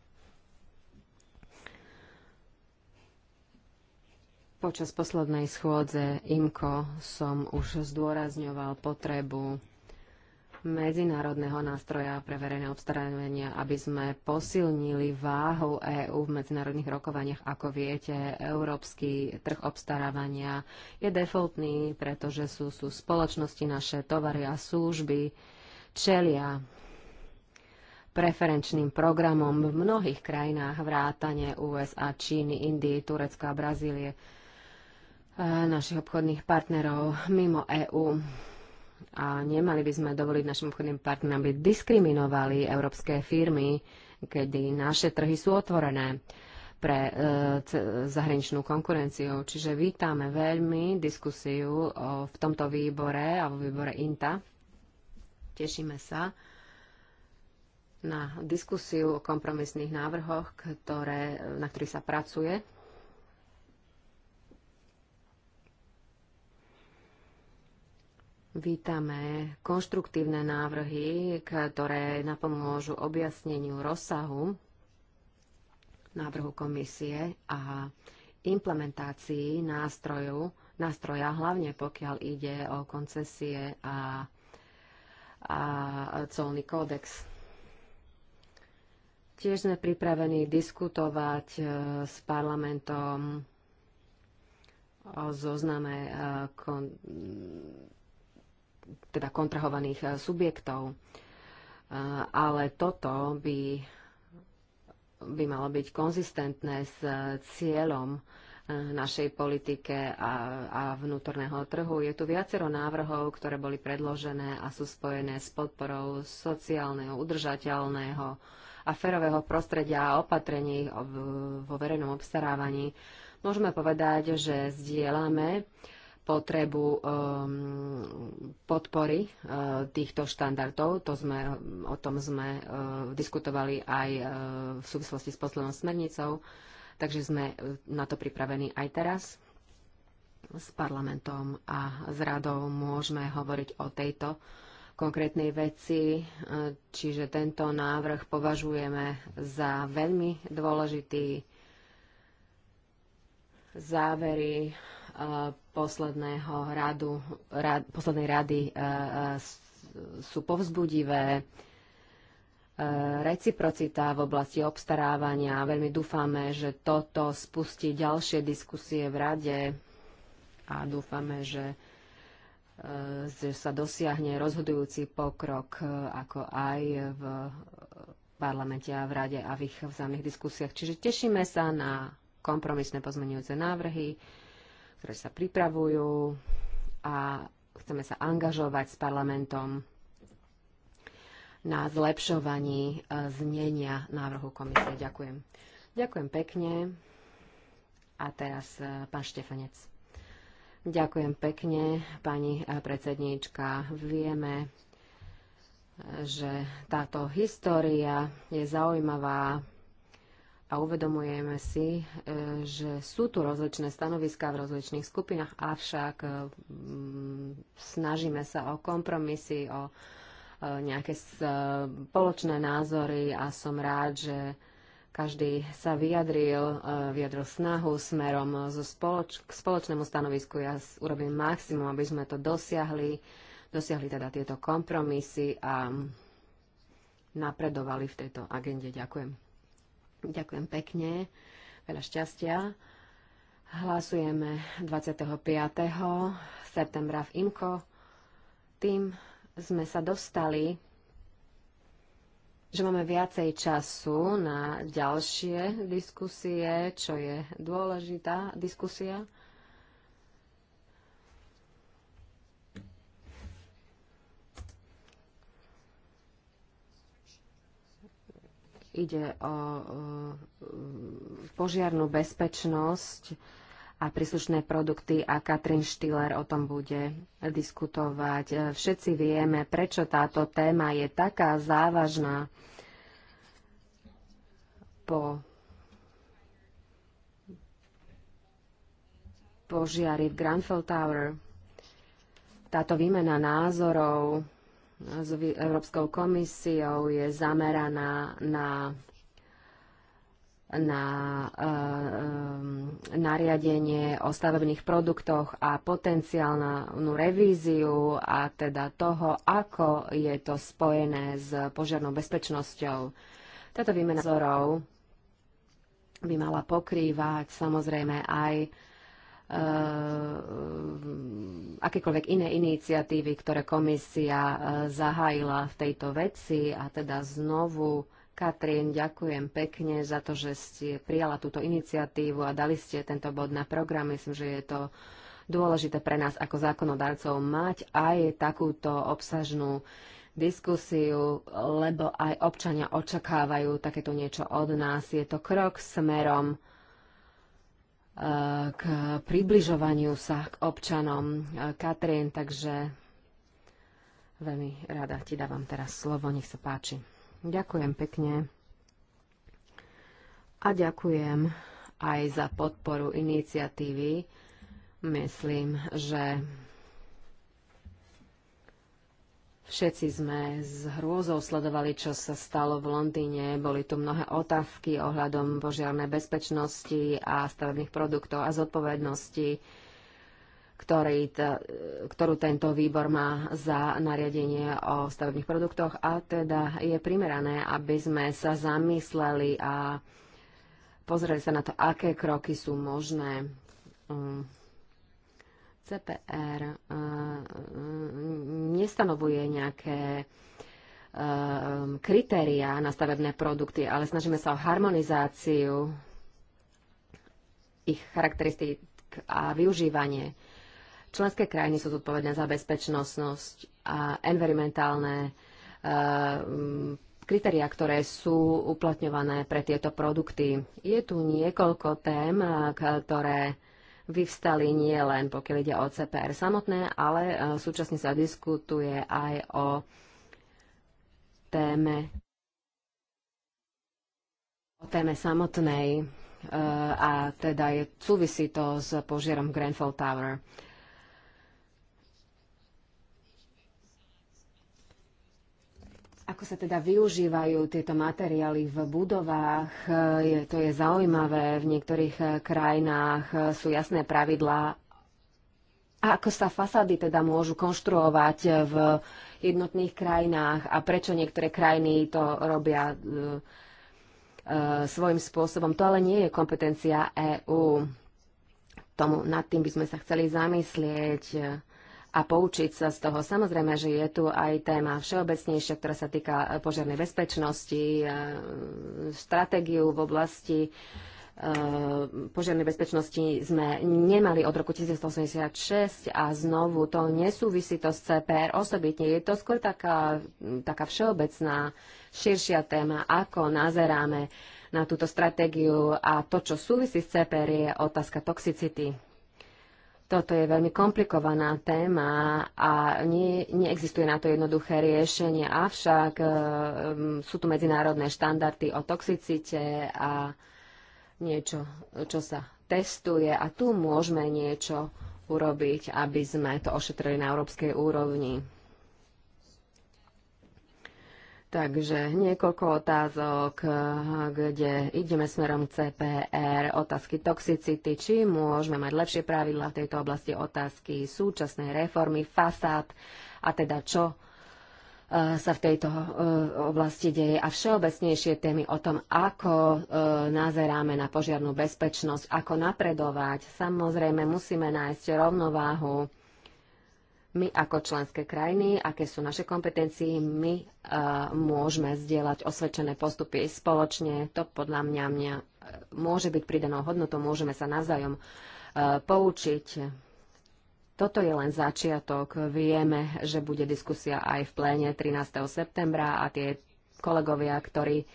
Počas poslednej schôdze IMKO som už zdôrazňoval potrebu medzinárodného nástroja pre verejné obstarávania, aby sme posilnili váhu EÚ v medzinárodných rokovaniach. Ako viete, európsky trh obstarávania je defaultný, pretože sú, sú spoločnosti, naše tovary a služby čelia preferenčným programom v mnohých krajinách vrátane USA, Číny, Indii, Turecka a Brazílie eh, našich obchodných partnerov mimo EÚ. A nemali by sme dovoliť našim obchodným partnerom, aby diskriminovali európske firmy, kedy naše trhy sú otvorené pre e, zahraničnú konkurenciu. Čiže vítame veľmi diskusiu o, v tomto výbore a vo výbore INTA. Tešíme sa na diskusiu o kompromisných návrhoch, ktoré, na ktorých sa pracuje. Vítame konštruktívne návrhy, ktoré napomôžu objasneniu rozsahu návrhu komisie a implementácii nástroju, nástroja, hlavne pokiaľ ide o koncesie a, a colný kódex. Tiež sme pripravení diskutovať e, s parlamentom o zozname e, kon, teda kontrahovaných e, subjektov. Ale toto by, by malo byť konzistentné s cieľom našej politike a, a vnútorného trhu. Je tu viacero návrhov, ktoré boli predložené a sú spojené s podporou sociálneho, udržateľného a ferového prostredia a opatrení vo verejnom obstarávaní, môžeme povedať, že zdieľame potrebu um, podpory uh, týchto štandardov. To sme, o tom sme uh, diskutovali aj uh, v súvislosti s poslednou smernicou, takže sme uh, na to pripravení aj teraz. S parlamentom a s radou môžeme hovoriť o tejto uh, konkrétnej veci, e, čiže tento návrh považujeme za veľmi dôležitý. Závery e, posledného radu, rad, poslednej rady e, sú povzbudivé. Reciprocita v oblasti obstarávania. Veľmi dúfame, že toto spustí ďalšie diskusie v rade a dúfame, že E, že sa dosiahne rozhodujúci pokrok, e, ako aj v parlamente a v rade a v ich vzájomných diskusiách. Čiže tešíme sa na kompromisné pozmenujúce návrhy, ktoré sa pripravujú a chceme sa angažovať s parlamentom na zlepšovaní e, znenia návrhu komisie. Ďakujem. Ďakujem pekne. A teraz pán Štefanec. Ďakujem pekne, pani predsedníčka. Vieme, že táto história je zaujímavá a uvedomujeme si, že sú tu rozličné stanoviská v rozličných skupinách, avšak mm, snažíme sa o kompromisy, o e, nejaké e, spoločné názory a som rád, že každý sa vyjadril, e, vyjadril snahu smerom zo spoloč- k spoločnému stanovisku. Ja urobím maximum, aby sme to dosiahli, dosiahli teda tieto kompromisy a napredovali v tejto agende. Ďakujem. Ďakujem pekne. Veľa šťastia. Hlasujeme 25. septembra v IMKO. Tým sme sa dostali že máme viacej času na ďalšie diskusie, čo je dôležitá diskusia. Ide o požiarnú bezpečnosť a príslušné produkty a Katrin Štýler o tom bude diskutovať. E, všetci vieme, prečo táto téma je taká závažná po požiari v Grenfell Tower. Táto výmena názorov s Európskou komisiou je zameraná na na eh, eh, nariadenie o stavebných produktoch a potenciálnu revíziu a teda toho, ako je to spojené s požiarnou bezpečnosťou. Táto výmena vzorov by mala pokrývať samozrejme aj eh, akékoľvek iné iniciatívy, ktoré komisia zahájila v tejto veci a teda znovu Katrin, ďakujem pekne za to, že ste prijala túto iniciatívu a dali ste tento bod na program. Myslím, že je to dôležité pre nás ako zákonodarcov mať aj takúto obsažnú diskusiu, lebo aj občania očakávajú takéto niečo od nás. Je to krok smerom e, k približovaniu sa k občanom. E, Katrin, takže veľmi rada ti dávam teraz slovo, nech sa páči. Ďakujem pekne. A ďakujem aj za podporu iniciatívy. Myslím, že Všetci sme s hrôzou sledovali, čo sa stalo v Londýne. Boli tu mnohé otázky ohľadom požiarnej bezpečnosti a stavebných produktov a zodpovednosti ktorý t- ktorú tento výbor má za nariadenie o stavebných produktoch a teda je primerané, aby sme sa zamysleli a pozreli sa na to, aké kroky sú možné. Mm. CPR eh, nestanovuje nejaké eh, kritériá na stavebné produkty, ale snažíme sa o harmonizáciu ich charakteristík a využívanie Členské krajiny sú zodpovedné za bezpečnosť a environmentálne e, mm, kritériá, ktoré sú uplatňované pre tieto produkty. Je tu niekoľko tém, e, ktoré vyvstali nie len pokiaľ ide o CPR samotné, ale e, súčasne sa diskutuje aj o téme, o téme samotnej a teda je, súvisí to s požiarom Grenfell Tower. ako sa teda využívajú tieto materiály v budovách. E, je, to je zaujímavé. V niektorých e, krajinách e, sú jasné pravidlá. A ako sa fasády teda môžu konštruovať v jednotných krajinách a prečo niektoré krajiny to robia svojím spôsobom. To ale nie je kompetencia EÚ. Tomu, nad tým by sme sa chceli zamyslieť a poučiť sa z toho. Samozrejme, že je tu aj téma všeobecnejšia, ktorá sa týka eh, požiarnej bezpečnosti, eh, stratégiu v oblasti eh, požiarnej bezpečnosti sme nemali od roku 1986 a znovu to nesúvisí to s CPR osobitne. Je to skôr taká, taká všeobecná, širšia téma, ako nazeráme na túto stratégiu a to, čo súvisí s CPR, je otázka toxicity. Toto je veľmi komplikovaná téma a nie, neexistuje na to jednoduché riešenie, avšak e, sú tu medzinárodné štandardy o toxicite a niečo, čo sa testuje a tu môžeme niečo urobiť, aby sme to ošetrili na európskej úrovni. Takže niekoľko otázok, kde ideme smerom CPR, otázky toxicity, či môžeme mať lepšie pravidla v tejto oblasti, otázky súčasnej reformy, fasád a teda čo e, sa v tejto e, oblasti deje a všeobecnejšie témy o tom, ako e, nazeráme na požiarnú bezpečnosť, ako napredovať. Samozrejme, musíme nájsť rovnováhu my ako členské krajiny, aké sú naše kompetencie, my uh, môžeme zdieľať osvedčené postupy spoločne. To podľa mňa, mňa e, môže byť pridanou hodnotou, môžeme sa navzájom uh, poučiť. Toto je len začiatok. Vieme, že bude diskusia aj v pléne 13. septembra a tie kolegovia, ktorí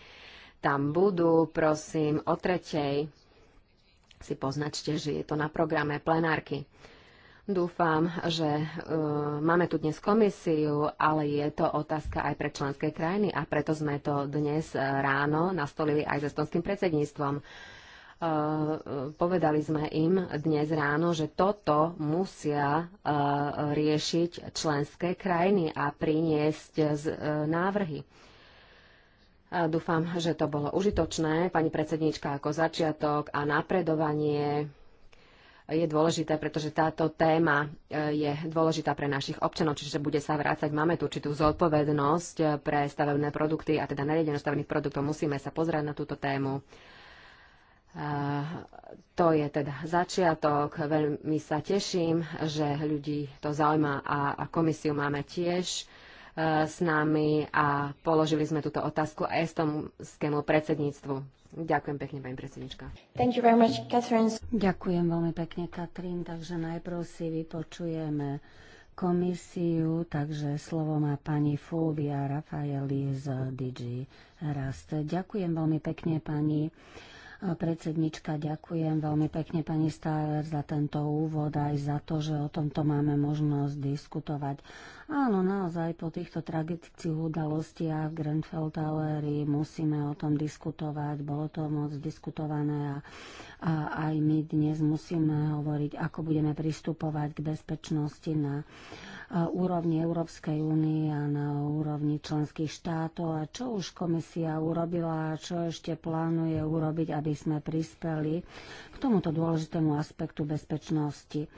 tam budú, prosím, o tretej si poznačte, že je to na programe plenárky. Dúfam, že e, máme tu dnes komisiu, ale je to otázka aj pre členské krajiny a preto sme to dnes e, ráno nastolili aj s estonským predsedníctvom. E, e, povedali sme im dnes ráno, že toto musia e, riešiť členské krajiny a priniesť e, z, e, návrhy. A dúfam, že to bolo užitočné, pani predsedníčka, ako začiatok a napredovanie je dôležité, pretože táto téma e, je dôležitá pre našich občanov, čiže bude sa vrácať. Máme tu určitú zodpovednosť e, pre stavebné produkty a teda nariadenie stavebných produktov. Musíme sa pozrieť na túto tému. E, to je teda začiatok. Veľmi sa teším, že ľudí to zaujíma a komisiu máme tiež s nami a položili sme túto otázku aj estonskému predsedníctvu. Ďakujem pekne, pani predsednička. Thank you very much, Catherine. Ďakujem veľmi pekne, Katrin. Takže najprv si vypočujeme komisiu, takže slovo má pani Fulvia Rafaeli z DG Rast. Ďakujem veľmi pekne, pani e, predsednička, ďakujem veľmi pekne pani Stáver za tento úvod aj za to, že o tomto máme možnosť diskutovať. Áno, naozaj po týchto tragických udalostiach v Grenfell Towery musíme o tom diskutovať. Bolo to moc diskutované a, a aj my dnes musíme hovoriť, ako budeme pristupovať k bezpečnosti na úrovni Európskej únie a na úrovni členských štátov a čo už komisia urobila a čo ešte plánuje urobiť, aby sme prispeli k tomuto dôležitému aspektu bezpečnosti.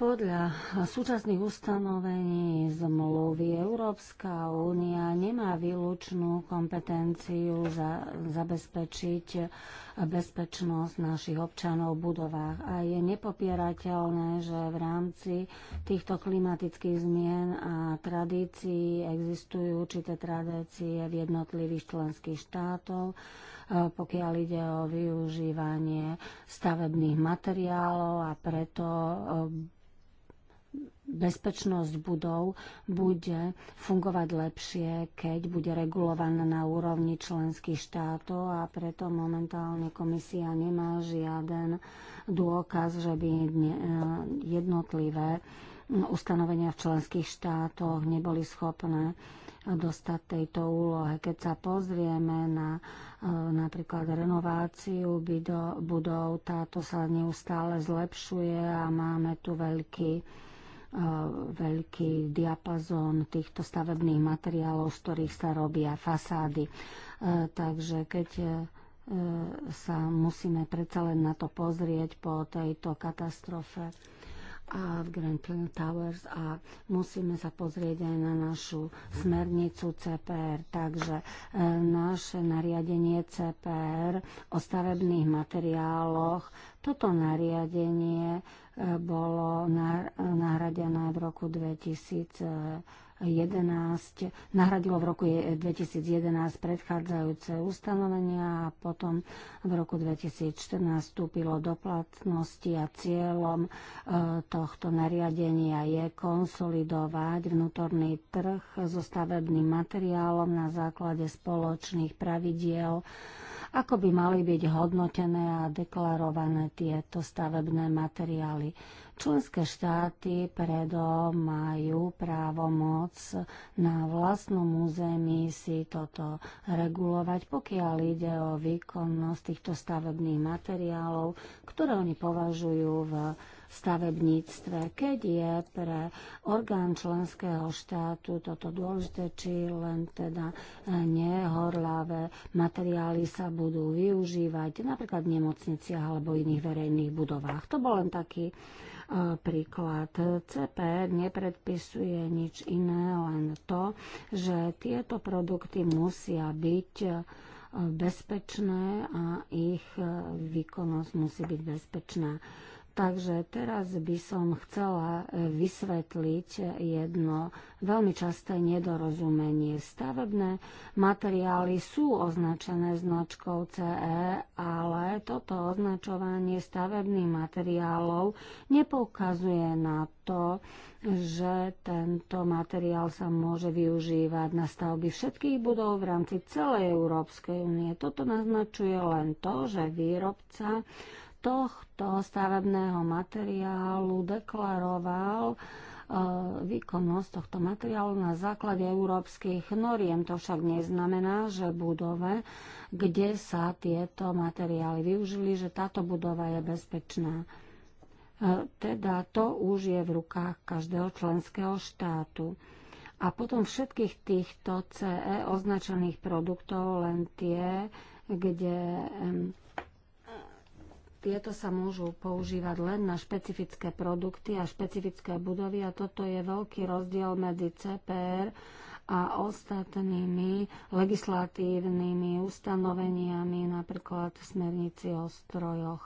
Podľa súčasných ustanovení zmluvy Európska únia nemá výlučnú kompetenciu za, zabezpečiť bezpečnosť našich občanov v budovách. A je nepopierateľné, že v rámci týchto klimatických zmien a tradícií existujú určité tradície v jednotlivých členských štátov, e, pokiaľ ide o využívanie stavebných materiálov a preto e, bezpečnosť budov bude fungovať lepšie, keď bude regulovaná na úrovni členských štátov a preto momentálne komisia nemá žiaden dôkaz, že by e, jednotlivé ustanovenia v členských štátoch neboli schopné dostať tejto úlohe. Keď sa pozrieme na e, napríklad renováciu budov, táto sa neustále zlepšuje a máme tu veľký E, veľký diapazón týchto stavebných materiálov, z ktorých sa robia fasády. E, takže keď e, sa musíme predsa len na to pozrieť po tejto katastrofe, a v Grand Plain Towers a musíme sa pozrieť aj na našu smernicu CPR. Takže naše nariadenie CPR o stavebných materiáloch toto nariadenie e, bolo nahradené v roku 2011, e, nahradilo v roku 2011 predchádzajúce ustanovenia a potom v roku 2014 vstúpilo do platnosti a cieľom e, tohto nariadenia je konsolidovať vnútorný trh so stavebným materiálom na základe spoločných pravidiel ako by mali byť hodnotené a deklarované tieto stavebné materiály. Členské štáty predo majú právomoc na vlastnom území si toto regulovať, pokiaľ ide o výkonnosť týchto stavebných materiálov, ktoré oni považujú v stavebníctve. Keď je pre orgán členského štátu toto dôležité, či len teda eh, nehorlavé materiály sa budú využívať napríklad v nemocniciach alebo iných verejných budovách. To bol len taký eh, príklad. CPR nepredpisuje nič iné, len to, že tieto produkty musia byť eh, bezpečné a ich výkonnosť musí byť bezpečná. Takže teraz by som chcela e, vysvetliť jedno veľmi časté nedorozumenie. Stavebné materiály sú označené značkou CE, ale toto označovanie stavebných materiálov nepoukazuje na to, že tento materiál sa môže využívať na stavby všetkých budov v rámci celej Európskej únie. Toto naznačuje len to, že výrobca tohto stavebného materiálu deklaroval e, výkonnosť tohto materiálu na základe európskych noriem. To však neznamená, že budove, kde sa tieto materiály využili, že táto budova je bezpečná. E, teda to už je v rukách každého členského štátu. A potom všetkých týchto CE označených produktov, len tie, kde tieto sa môžu používať len na špecifické produkty a špecifické budovy a toto je veľký rozdiel medzi CPR a ostatnými legislatívnymi ustanoveniami, napríklad v smernici o strojoch.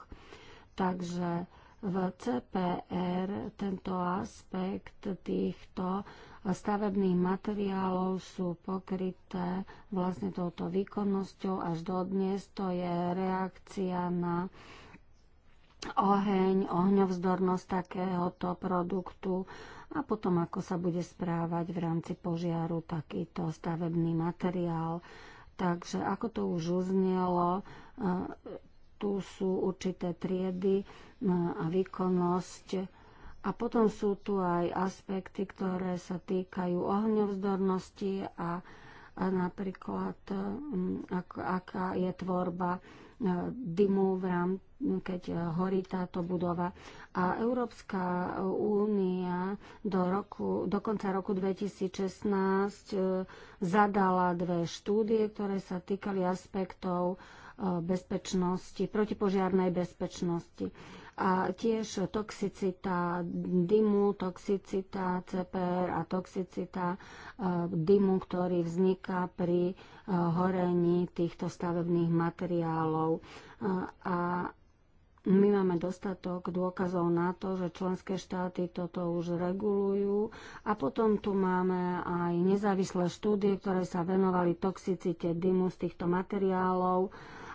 Takže v CPR tento aspekt týchto stavebných materiálov sú pokryté vlastne touto výkonnosťou až dodnes. To je reakcia na oheň, ohňovzdornosť takéhoto produktu a potom ako sa bude správať v rámci požiaru takýto stavebný materiál. Takže ako to už uznelo, e, tu sú určité triedy e, a výkonnosť a potom sú tu aj aspekty, ktoré sa týkajú ohňovzdornosti a, a napríklad ak, aká je tvorba E, dymu, v rám, keď e, horí táto budova. A Európska únia do, roku, do konca roku 2016 e, zadala dve štúdie, ktoré sa týkali aspektov bezpečnosti, protipožiarnej bezpečnosti a tiež toxicita dymu, toxicita CPR a toxicita e, dymu, ktorý vzniká pri e, horení týchto stavebných materiálov. E, a my máme dostatok dôkazov na to, že členské štáty toto už regulujú a potom tu máme aj nezávislé štúdie, ktoré sa venovali toxicite dymu z týchto materiálov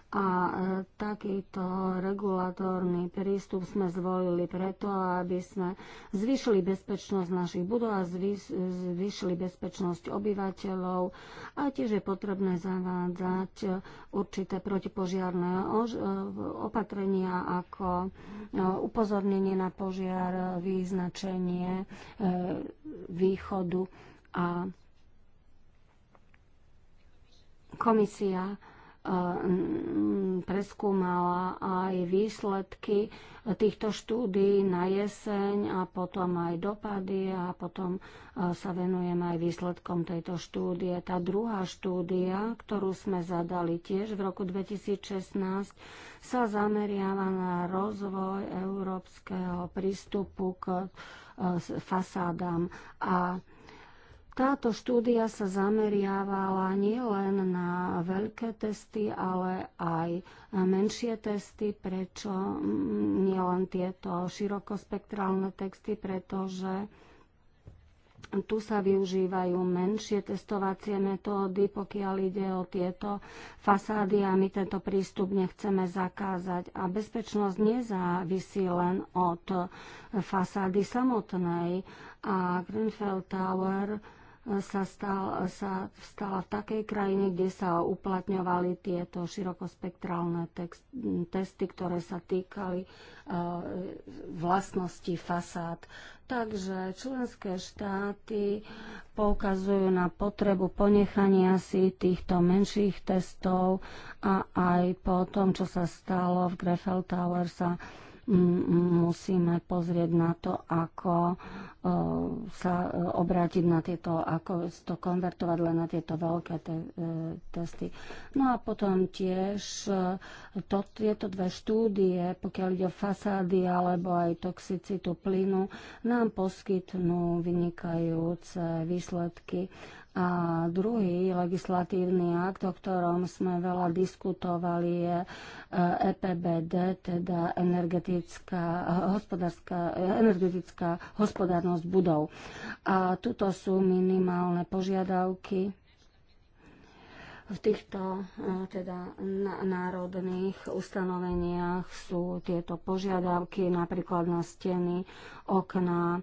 a e, takýto regulatórny prístup sme zvolili preto, aby sme zvyšili bezpečnosť našich budov a zvyšili bezpečnosť obyvateľov. A tiež je potrebné zavádzať určité protipožiarné e, opatrenia ako e, upozornenie na požiar, význačenie východu a komisia Mm, preskúmala aj výsledky týchto štúdí na jeseň a potom aj dopady a potom sa venujem aj výsledkom tejto štúdie. Tá druhá štúdia, ktorú sme zadali tiež v roku 2016, sa zameriava na rozvoj európskeho prístupu k fasádám a táto štúdia sa zameriavala nielen na veľké testy, ale aj menšie testy, prečo mm, nielen tieto širokospektrálne texty, pretože tu sa využívajú menšie testovacie metódy, pokiaľ ide o tieto fasády a my tento prístup nechceme zakázať. A bezpečnosť nezávisí len od fasády samotnej. A Grenfell Tower sa, stal, sa stala v takej krajine, kde sa uplatňovali tieto širokospektrálne text, testy, ktoré sa týkali e, vlastnosti fasád. Takže členské štáty poukazujú na potrebu ponechania si týchto menších testov a aj po tom, čo sa stalo v Greffel Tower sa musíme pozrieť na to, ako e, sa e, obrátiť na tieto, ako to konvertovať len na tieto veľké te, e, testy. No a potom tiež to, tieto dve štúdie, pokiaľ ide o fasády alebo aj toxicitu plynu, nám poskytnú vynikajúce výsledky. A druhý legislatívny akt, o ktorom sme veľa diskutovali, je EPBD, e teda energetická, hospodárska, energetická hospodárnosť budov. A tuto sú minimálne požiadavky v týchto e, teda, národných ustanoveniach sú tieto požiadavky napríklad na steny, okná,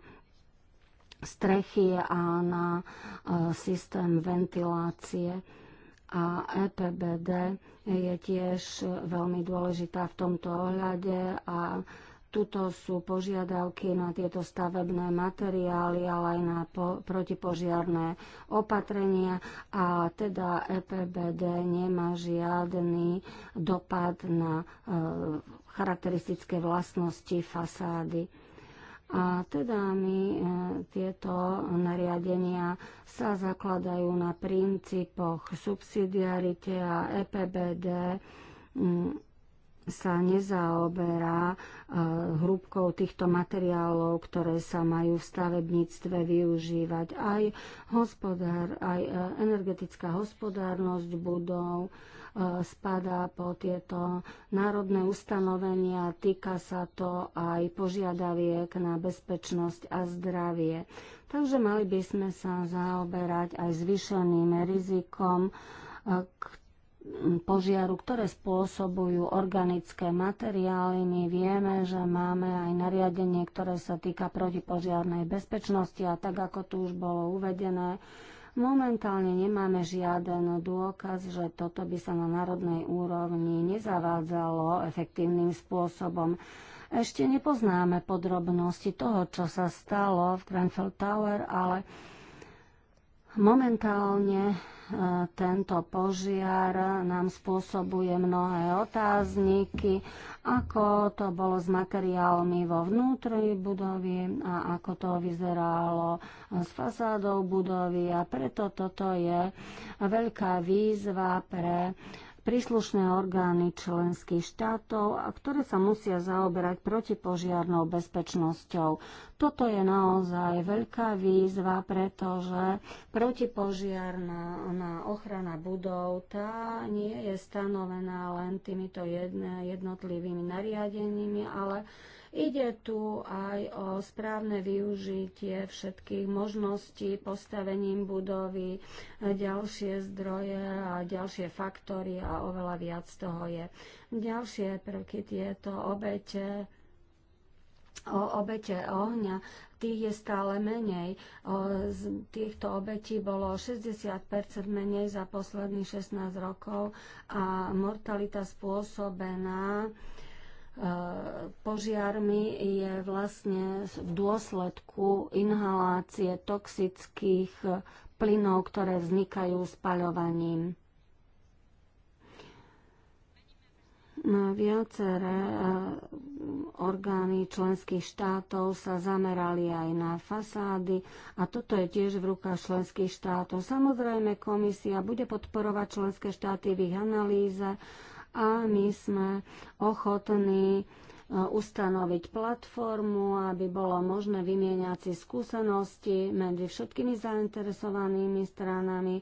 strechy a na e, systém ventilácie. A EPBD je tiež veľmi dôležitá v tomto ohľade a Tuto sú požiadavky na tieto stavebné materiály, ale aj na po- protipožiarné opatrenia a teda EPBD nemá žiadny dopad na e, charakteristické vlastnosti fasády. A teda my e, tieto nariadenia sa zakladajú na princípoch subsidiarite a EPBD m, sa nezaoberá e, hrúbkou týchto materiálov, ktoré sa majú v stavebníctve využívať. Aj, hospodár, aj e, energetická hospodárnosť budov, E, spadá po tieto národné ustanovenia, týka sa to aj požiadaviek na bezpečnosť a zdravie. Takže mali by sme sa zaoberať aj zvýšeným rizikom e, k požiaru, ktoré spôsobujú organické materiály. My vieme, že máme aj nariadenie, ktoré sa týka protipožiarnej bezpečnosti a tak, ako tu už bolo uvedené, Momentálne nemáme žiaden dôkaz, že toto by sa na národnej úrovni nezavádzalo efektívnym spôsobom. Ešte nepoznáme podrobnosti toho, čo sa stalo v Grenfell Tower, ale momentálne E, tento požiar nám spôsobuje mnohé otázniky, ako to bolo s materiálmi vo vnútri budovy a ako to vyzeralo s fasádou budovy a preto toto je veľká výzva pre príslušné orgány členských štátov, a ktoré sa musia zaoberať protipožiarnou bezpečnosťou. Toto je naozaj veľká výzva, pretože protipožiarná ochrana budov tá nie je stanovená len týmito jednotlivými nariadeniami, ale Ide tu aj o správne využitie všetkých možností postavením budovy, ďalšie zdroje a ďalšie faktory a oveľa viac toho je. Ďalšie prvky tieto obete o obete ohňa, tých je stále menej. Z týchto obetí bolo 60 menej za posledných 16 rokov a mortalita spôsobená požiarmi je vlastne v dôsledku inhalácie toxických plynov, ktoré vznikajú spaľovaním. No, viaceré e, orgány členských štátov sa zamerali aj na fasády a toto je tiež v rukách členských štátov. Samozrejme, komisia bude podporovať členské štáty v ich analýze a my sme ochotní e, ustanoviť platformu, aby bolo možné vymieňať si skúsenosti medzi všetkými zainteresovanými stranami,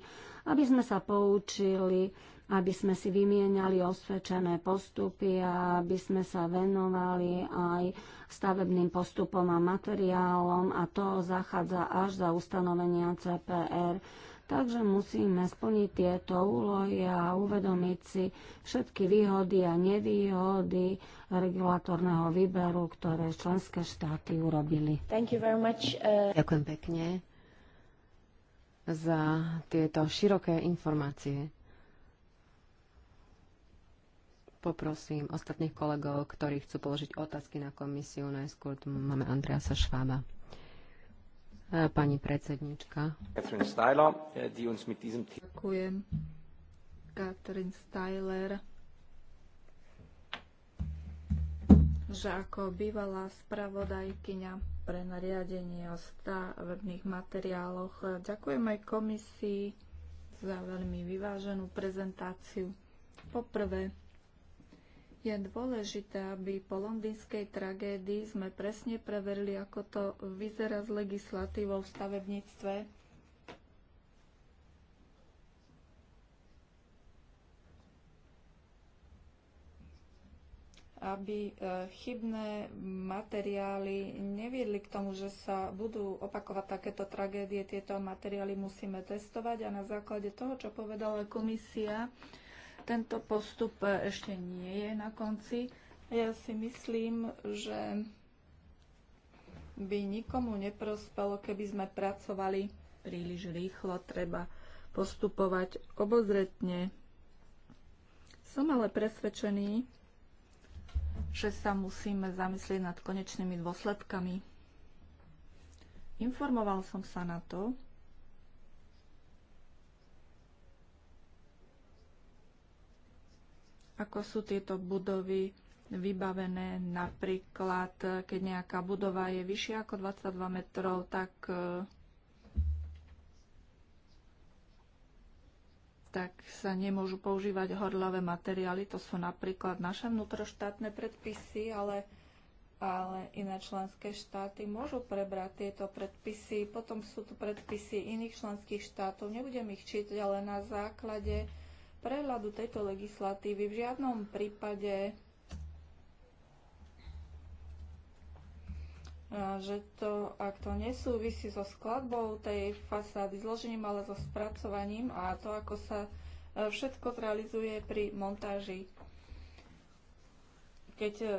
aby sme sa poučili, aby sme si vymieniali osvedčené postupy a aby sme sa venovali aj stavebným postupom a materiálom a to zachádza až za ustanovenia CPR. Takže musíme splniť tieto úlohy a uvedomiť si všetky výhody a nevýhody regulatorného výberu, ktoré členské štáty urobili. Thank you very much, uh... Ďakujem pekne za tieto široké informácie. Poprosím ostatných kolegov, ktorí chcú položiť otázky na komisiu, najskôr máme Andreasa Švába. E, pani predsednička. E, ďakujem. Katrin Styler, že ako bývalá spravodajkyňa pre nariadenie o stavebných materiáloch e, ďakujem aj komisii za veľmi vyváženú prezentáciu. Poprvé, je dôležité, aby po londýnskej tragédii sme presne preverili, ako to vyzerá s legislatívou v stavebníctve. aby e, chybné materiály neviedli k tomu, že sa budú opakovať takéto tragédie. Tieto materiály musíme testovať a na základe toho, čo povedala komisia, tento postup e, ešte nie je na konci. Ja si myslím, že by nikomu neprospelo, keby sme pracovali príliš rýchlo. Treba postupovať obozretne. Som ale presvedčený, že sa musíme zamyslieť nad konečnými dôsledkami. Informoval som sa na to, ako sú tieto budovy vybavené. Napríklad, keď nejaká budova je vyššia ako 22 metrov, tak e, tak sa nemôžu používať horľavé materiály. To sú napríklad naše vnútroštátne predpisy, ale, ale iné členské štáty môžu prebrať tieto predpisy. Potom sú tu predpisy iných členských štátov. Nebudem ich čítať, ale na základe prehľadu tejto legislatívy v žiadnom prípade že to, ak to nesúvisí so skladbou tej fasády, zložením, ale so spracovaním a to, ako sa e, všetko realizuje pri montáži. Keď e,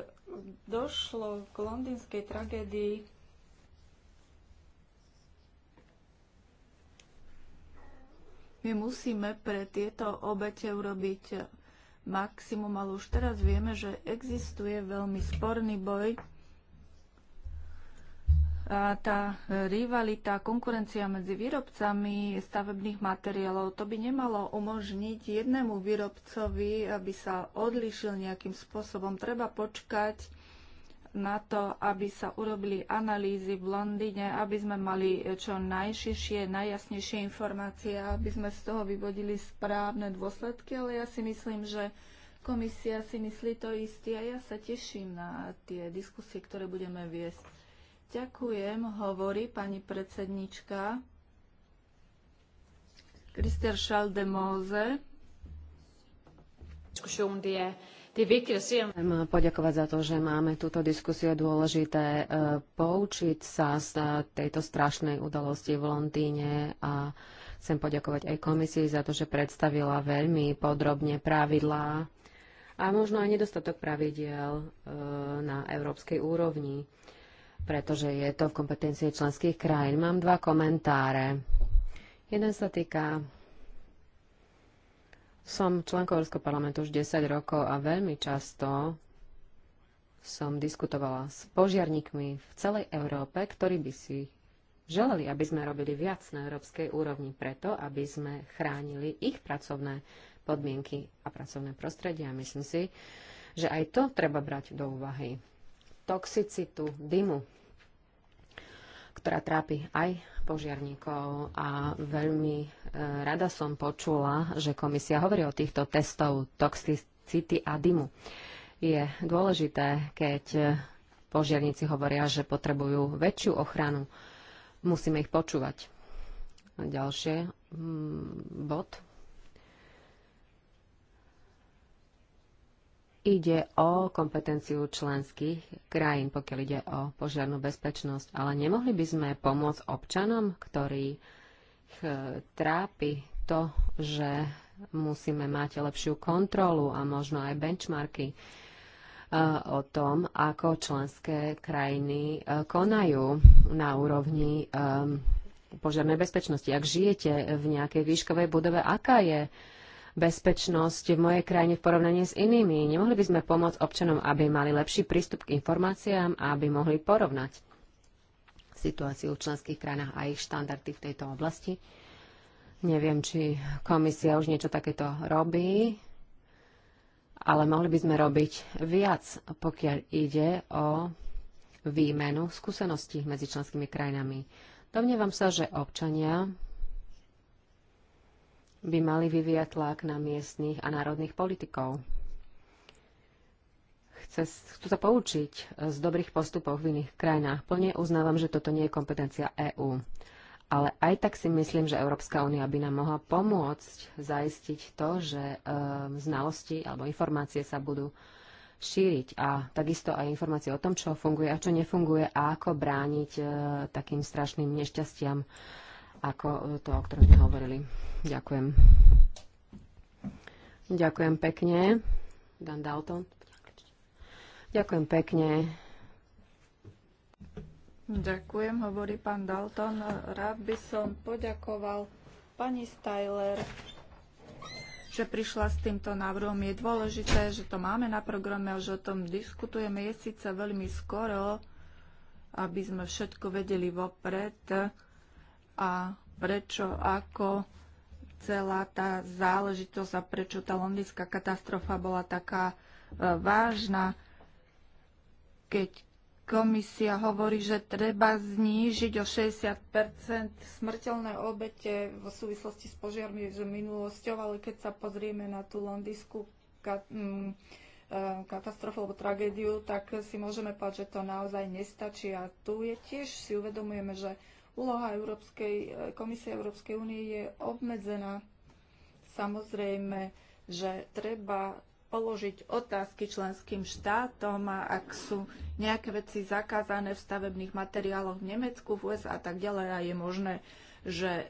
došlo k londýnskej tragédii, My musíme pre tieto obete urobiť maximum, ale už teraz vieme, že existuje veľmi sporný boj a tá rivalita, konkurencia medzi výrobcami stavebných materiálov, to by nemalo umožniť jednému výrobcovi, aby sa odlišil nejakým spôsobom. Treba počkať na to, aby sa urobili analýzy v Londýne, aby sme mali eh, čo najšišie, najjasnejšie informácie, aby sme z toho vyvodili správne dôsledky, ale ja si myslím, že komisia si myslí to isté a ja sa teším na tie diskusie, ktoré budeme viesť. Ďakujem, hovorí pani predsednička Krister Schaldemose. Diskussion, die Chcem poďakovať za to, že máme túto diskusiu. Je dôležité e, poučiť sa z e, tejto strašnej udalosti v Londýne a chcem poďakovať aj komisii za to, že predstavila veľmi podrobne pravidlá a možno aj nedostatok pravidiel e, na európskej úrovni, pretože je to v kompetencii členských krajín. Mám dva komentáre. Jeden sa týka som členkou Európskeho parlamentu už 10 rokov a veľmi často som diskutovala s požiarníkmi v celej Európe, ktorí by si želali, aby sme robili viac na európskej úrovni preto, aby sme chránili ich pracovné podmienky a pracovné prostredie. A myslím si, že aj to treba brať do úvahy. Toxicitu dymu, ktorá trápi aj požiarníkov a veľmi Eh, rada som počula, že komisia hovorí o týchto testov toxicity a dymu. Je dôležité, keď požiarníci hovoria, že potrebujú väčšiu ochranu. Musíme ich počúvať. Ďalšie mm, bod. Ide o kompetenciu členských krajín, pokiaľ ide o požiarnú bezpečnosť, ale nemohli by sme pomôcť občanom, ktorí E, trápi to, že musíme mať lepšiu kontrolu a možno aj benchmarky e, o tom, ako členské krajiny e, konajú na úrovni požiarnej bezpečnosti. Ak žijete v nejakej výškovej budove, aká je bezpečnosť v mojej krajine v porovnaní s inými? Nemohli by sme pomôcť občanom, aby mali lepší prístup k informáciám a aby mohli porovnať situáciu v členských krajinách a ich štandardy v tejto oblasti. Neviem, či komisia už niečo takéto robí, ale mohli by sme robiť viac, pokiaľ ide o výmenu skúseností medzi členskými krajinami. Domnievam sa, že občania by mali vyvíjať tlak na miestnych a národných politikov chce, chcú sa poučiť eh, z dobrých postupov v iných krajinách. Plne uznávam, že toto nie je kompetencia EÚ. Ale aj tak si myslím, že Európska únia by nám mohla pomôcť zaistiť to, že e, znalosti alebo informácie sa budú šíriť a takisto aj informácie o tom, čo funguje a čo nefunguje a ako brániť e, takým strašným nešťastiam, ako to, o ktorom sme hovorili. Ďakujem. Ďakujem pekne. Dan Dalton. Ďakujem pekne. Ďakujem, hovorí pán Dalton. Rád by som poďakoval pani Styler, že prišla s týmto návrhom. Je dôležité, že to máme na programe a že o tom diskutujeme. Je síce veľmi skoro, aby sme všetko vedeli vopred a prečo, ako celá tá záležitosť a prečo tá londýnska katastrofa bola taká e, vážna keď komisia hovorí, že treba znížiť o 60 smrteľné obete v súvislosti s požiarmi s minulosťou, ale keď sa pozrieme na tú londýskú mm, e, katastrofu alebo tragédiu, tak si môžeme povedať, že to naozaj nestačí. A tu je tiež si uvedomujeme, že úloha Európskej, e, Komisie Európskej únie je obmedzená. Samozrejme, že treba položiť otázky členským štátom a ak sú nejaké veci zakázané v stavebných materiáloch v Nemecku, v USA a tak ďalej a je možné, že e,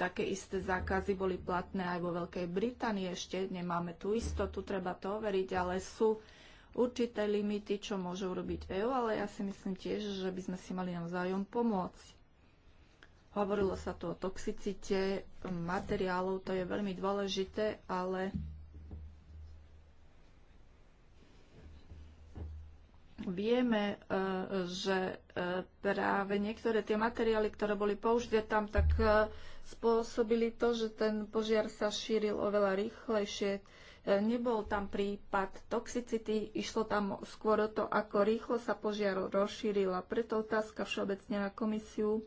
také isté zákazy boli platné aj vo Veľkej Británii. Ešte nemáme tú istotu, treba to overiť, ale sú určité limity, čo môže urobiť EU, ale ja si myslím tiež, že by sme si mali navzájom pomôcť. Hovorilo sa tu o toxicite materiálov, to je veľmi dôležité, ale Vieme, e, že e, práve niektoré tie materiály, ktoré boli použité tam, tak e, spôsobili to, že ten požiar sa šíril oveľa rýchlejšie. Nebol tam prípad toxicity, išlo tam skôr o to, ako rýchlo sa požiar rozšíril. A preto otázka všeobecne na komisiu.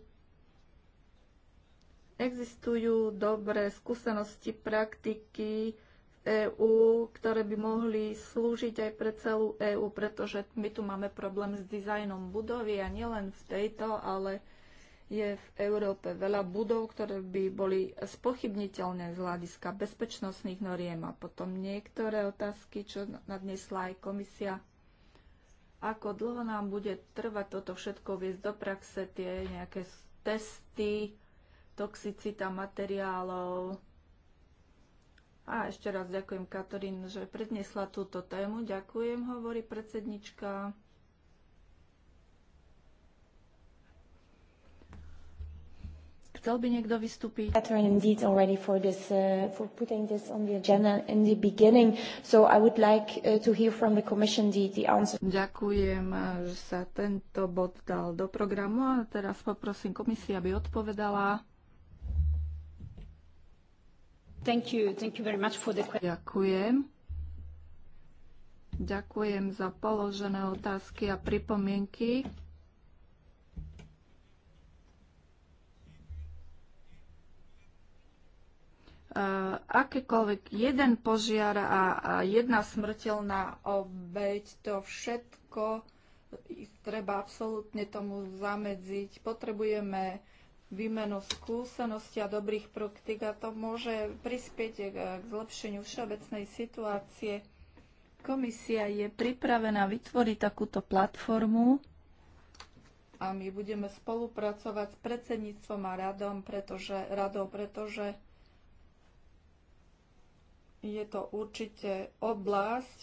Existujú dobré skúsenosti, praktiky, EÚ, ktoré by mohli slúžiť aj pre celú EÚ, pretože my tu máme problém s dizajnom budovy a nielen v tejto, ale je v Európe veľa budov, ktoré by boli spochybniteľné z hľadiska bezpečnostných noriem a potom niektoré otázky, čo nadnesla aj komisia. Ako dlho nám bude trvať toto všetko viesť do praxe, tie nejaké testy, toxicita materiálov, a ešte raz ďakujem Katarín, že predniesla túto tému. Ďakujem, hovorí predsednička. Chcel by niekto vystúpiť? Catherine indeed already for this, uh, for putting this on the agenda in the beginning. So I would like uh, to hear from the Commission the, the answer. Ďakujem, uh, že sa tento bod dal do programu a teraz poprosím komisia, aby odpovedala. Thank you. Thank you very much for the... Ďakujem. Ďakujem za položené otázky a pripomienky. Eh, akýkoľvek jeden požiar a, a jedna smrteľná obeď, to všetko treba absolútne tomu zamedziť. Potrebujeme výmenu skúseností a dobrých praktik a to môže prispieť k zlepšeniu všeobecnej situácie. Komisia je pripravená vytvoriť takúto platformu a my budeme spolupracovať s predsedníctvom a radom, pretože, radou, pretože je to určite oblasť,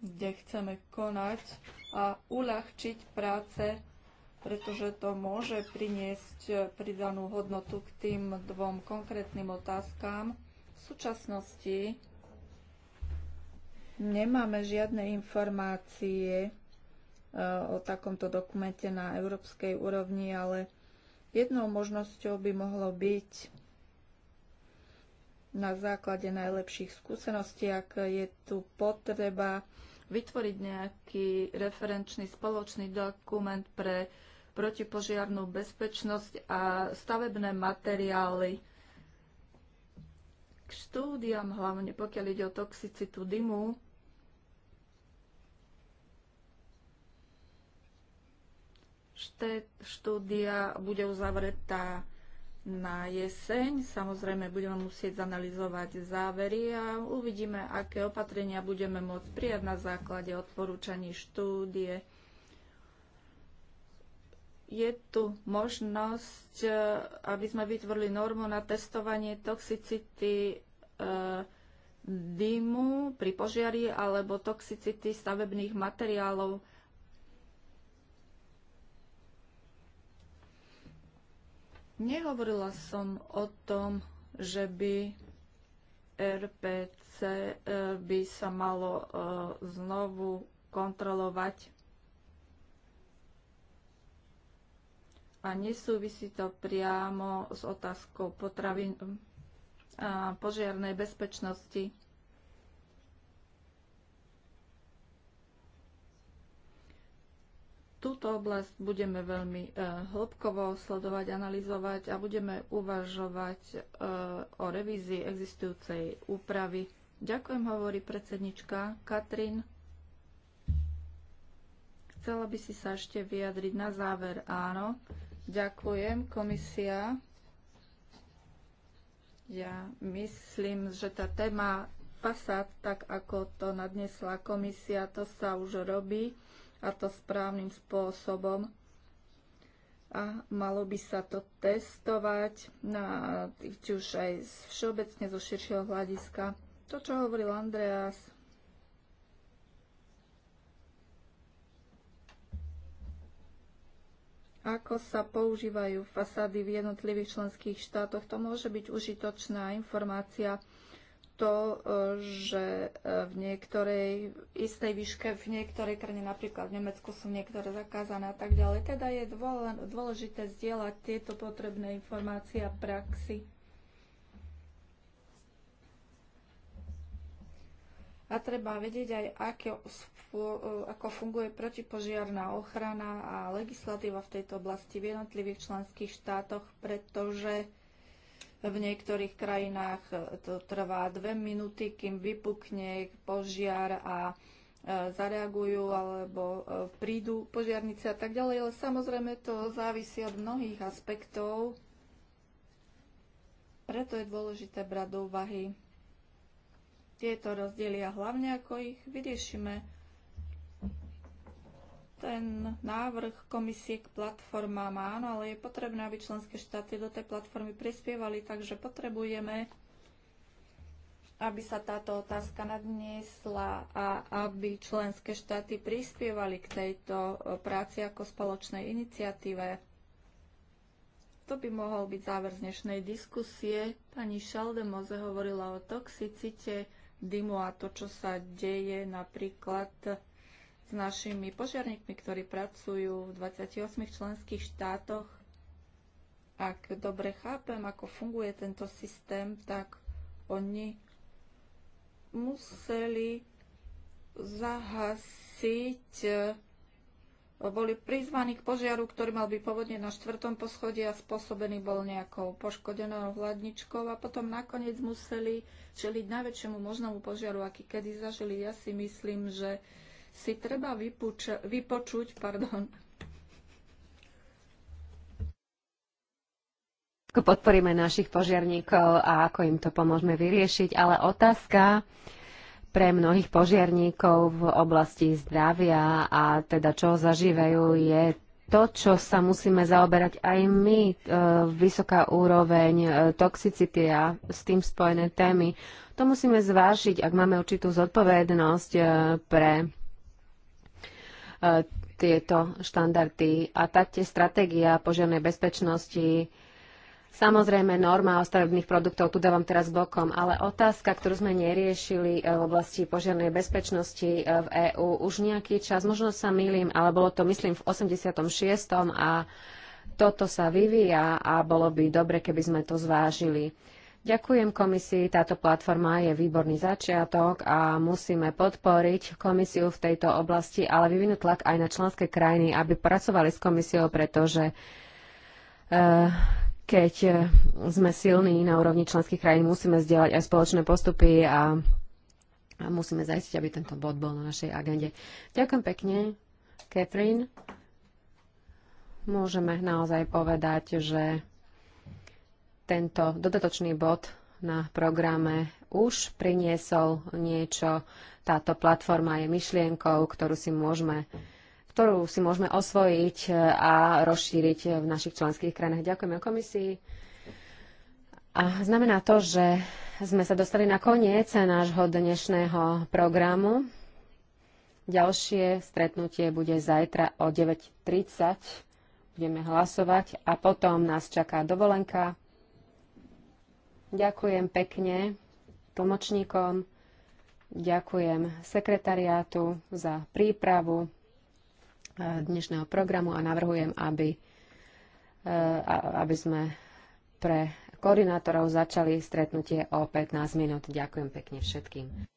kde chceme konať a uľahčiť práce pretože to môže priniesť e, pridanú hodnotu k tým dvom konkrétnym otázkám. V súčasnosti nemáme žiadne informácie e, o takomto dokumente na európskej úrovni, ale jednou možnosťou by mohlo byť na základe najlepších skúseností, ak je tu potreba vytvoriť nejaký referenčný spoločný dokument pre protipožiarnú bezpečnosť a stavebné materiály. K štúdiam, hlavne pokiaľ ide o toxicitu dymu, štúdia bude uzavretá na jeseň. Samozrejme, budeme musieť zanalizovať závery a uvidíme, aké opatrenia budeme môcť prijať na základe odporúčaní štúdie je tu možnosť, e, aby sme vytvorili normu na testovanie toxicity e, dymu pri požiari alebo toxicity stavebných materiálov. Nehovorila som o tom, že by RPC e, by sa malo e, znovu kontrolovať a nesúvisí to priamo s otázkou potravin um, a požiarnej bezpečnosti. Túto oblasť budeme veľmi e, hĺbkovo sledovať, analyzovať a budeme uvažovať e, o revízii existujúcej úpravy. Ďakujem, hovorí predsednička Katrin. Chcela by si sa ešte vyjadriť na záver. Áno, Ďakujem, komisia. Ja myslím, že tá téma FASAD, tak ako to nadnesla komisia, to sa už robí a to správnym spôsobom. A malo by sa to testovať, na, či už aj všeobecne zo širšieho hľadiska. To, čo hovoril Andreas, ako sa používajú fasády v jednotlivých členských štátoch. To môže byť užitočná informácia. To, e, že e, v niektorej istej výške, v niektorej krajine, napríklad v Nemecku sú niektoré zakázané a tak ďalej. Teda je dôležité zdieľať tieto potrebné informácie a praxi. A treba vedieť aj, aké, e, ako funguje protipožiarná ochrana a legislatíva v tejto oblasti v jednotlivých členských štátoch, pretože v niektorých krajinách e, to trvá dve minúty, kým vypukne požiar a e, zareagujú alebo prídu požiarnice a tak ďalej, ale samozrejme to závisí od mnohých aspektov. Preto je dôležité brať do úvahy tieto rozdiely a hlavne ako ich vyriešime. Ten návrh komisie k platformám áno, ale je potrebné, aby členské štáty do tej platformy prispievali, takže potrebujeme, aby sa táto otázka nadniesla a aby členské štáty prispievali k tejto e, práci ako spoločnej iniciatíve. To by mohol byť záver z dnešnej diskusie. Pani Šaldemoze hovorila o toxicite dymu a to, čo sa deje napríklad s našimi požiarníkmi, ktorí pracujú v 28 členských štátoch. Ak dobre chápem, ako funguje tento systém, tak oni museli zahasiť boli prizvaní k požiaru, ktorý mal byť pôvodne na štvrtom poschodí a spôsobený bol nejakou poškodenou hladničkou a potom nakoniec museli čeliť najväčšiemu možnému požiaru, aký kedy zažili. Ja si myslím, že si treba vypuča- vypočuť pardon, podporíme našich požiarníkov a ako im to pomôžeme vyriešiť, ale otázka, pre mnohých požiarníkov v oblasti zdravia a teda čo zažívajú je to, čo sa musíme zaoberať aj my, e, vysoká úroveň e, toxicity a s tým spojené témy. To musíme zvážiť, ak máme určitú zodpovednosť e, pre e, tieto štandardy a taktie stratégia požiarnej bezpečnosti Samozrejme, norma o stavebných produktov tu dávam teraz bokom, ale otázka, ktorú sme neriešili e, v oblasti požiarnej bezpečnosti e, v EÚ už nejaký čas, možno sa mýlim, ale bolo to, myslím, v 86. a toto sa vyvíja a bolo by dobre, keby sme to zvážili. Ďakujem komisii, táto platforma je výborný začiatok a musíme podporiť komisiu v tejto oblasti, ale vyvinúť tlak aj na členské krajiny, aby pracovali s komisiou, pretože e, keď e, sme silní na úrovni členských krajín, musíme zdieľať aj spoločné postupy a, a musíme zajistiť, aby tento bod bol na našej agende. Ďakujem pekne, Catherine. Môžeme naozaj povedať, že tento dodatočný bod na programe už priniesol niečo. Táto platforma je myšlienkou, ktorú si môžeme ktorú si môžeme osvojiť e, a rozšíriť e, v našich členských krajinách. Ďakujeme komisii. A znamená to, že sme sa dostali na koniec nášho dnešného programu. Ďalšie stretnutie bude zajtra o 9.30. Budeme hlasovať a potom nás čaká dovolenka. Ďakujem pekne tlmočníkom, ďakujem sekretariátu za prípravu dnešného programu a navrhujem, aby, eh, aby sme pre koordinátorov začali stretnutie o 15 minút. Ďakujem pekne všetkým.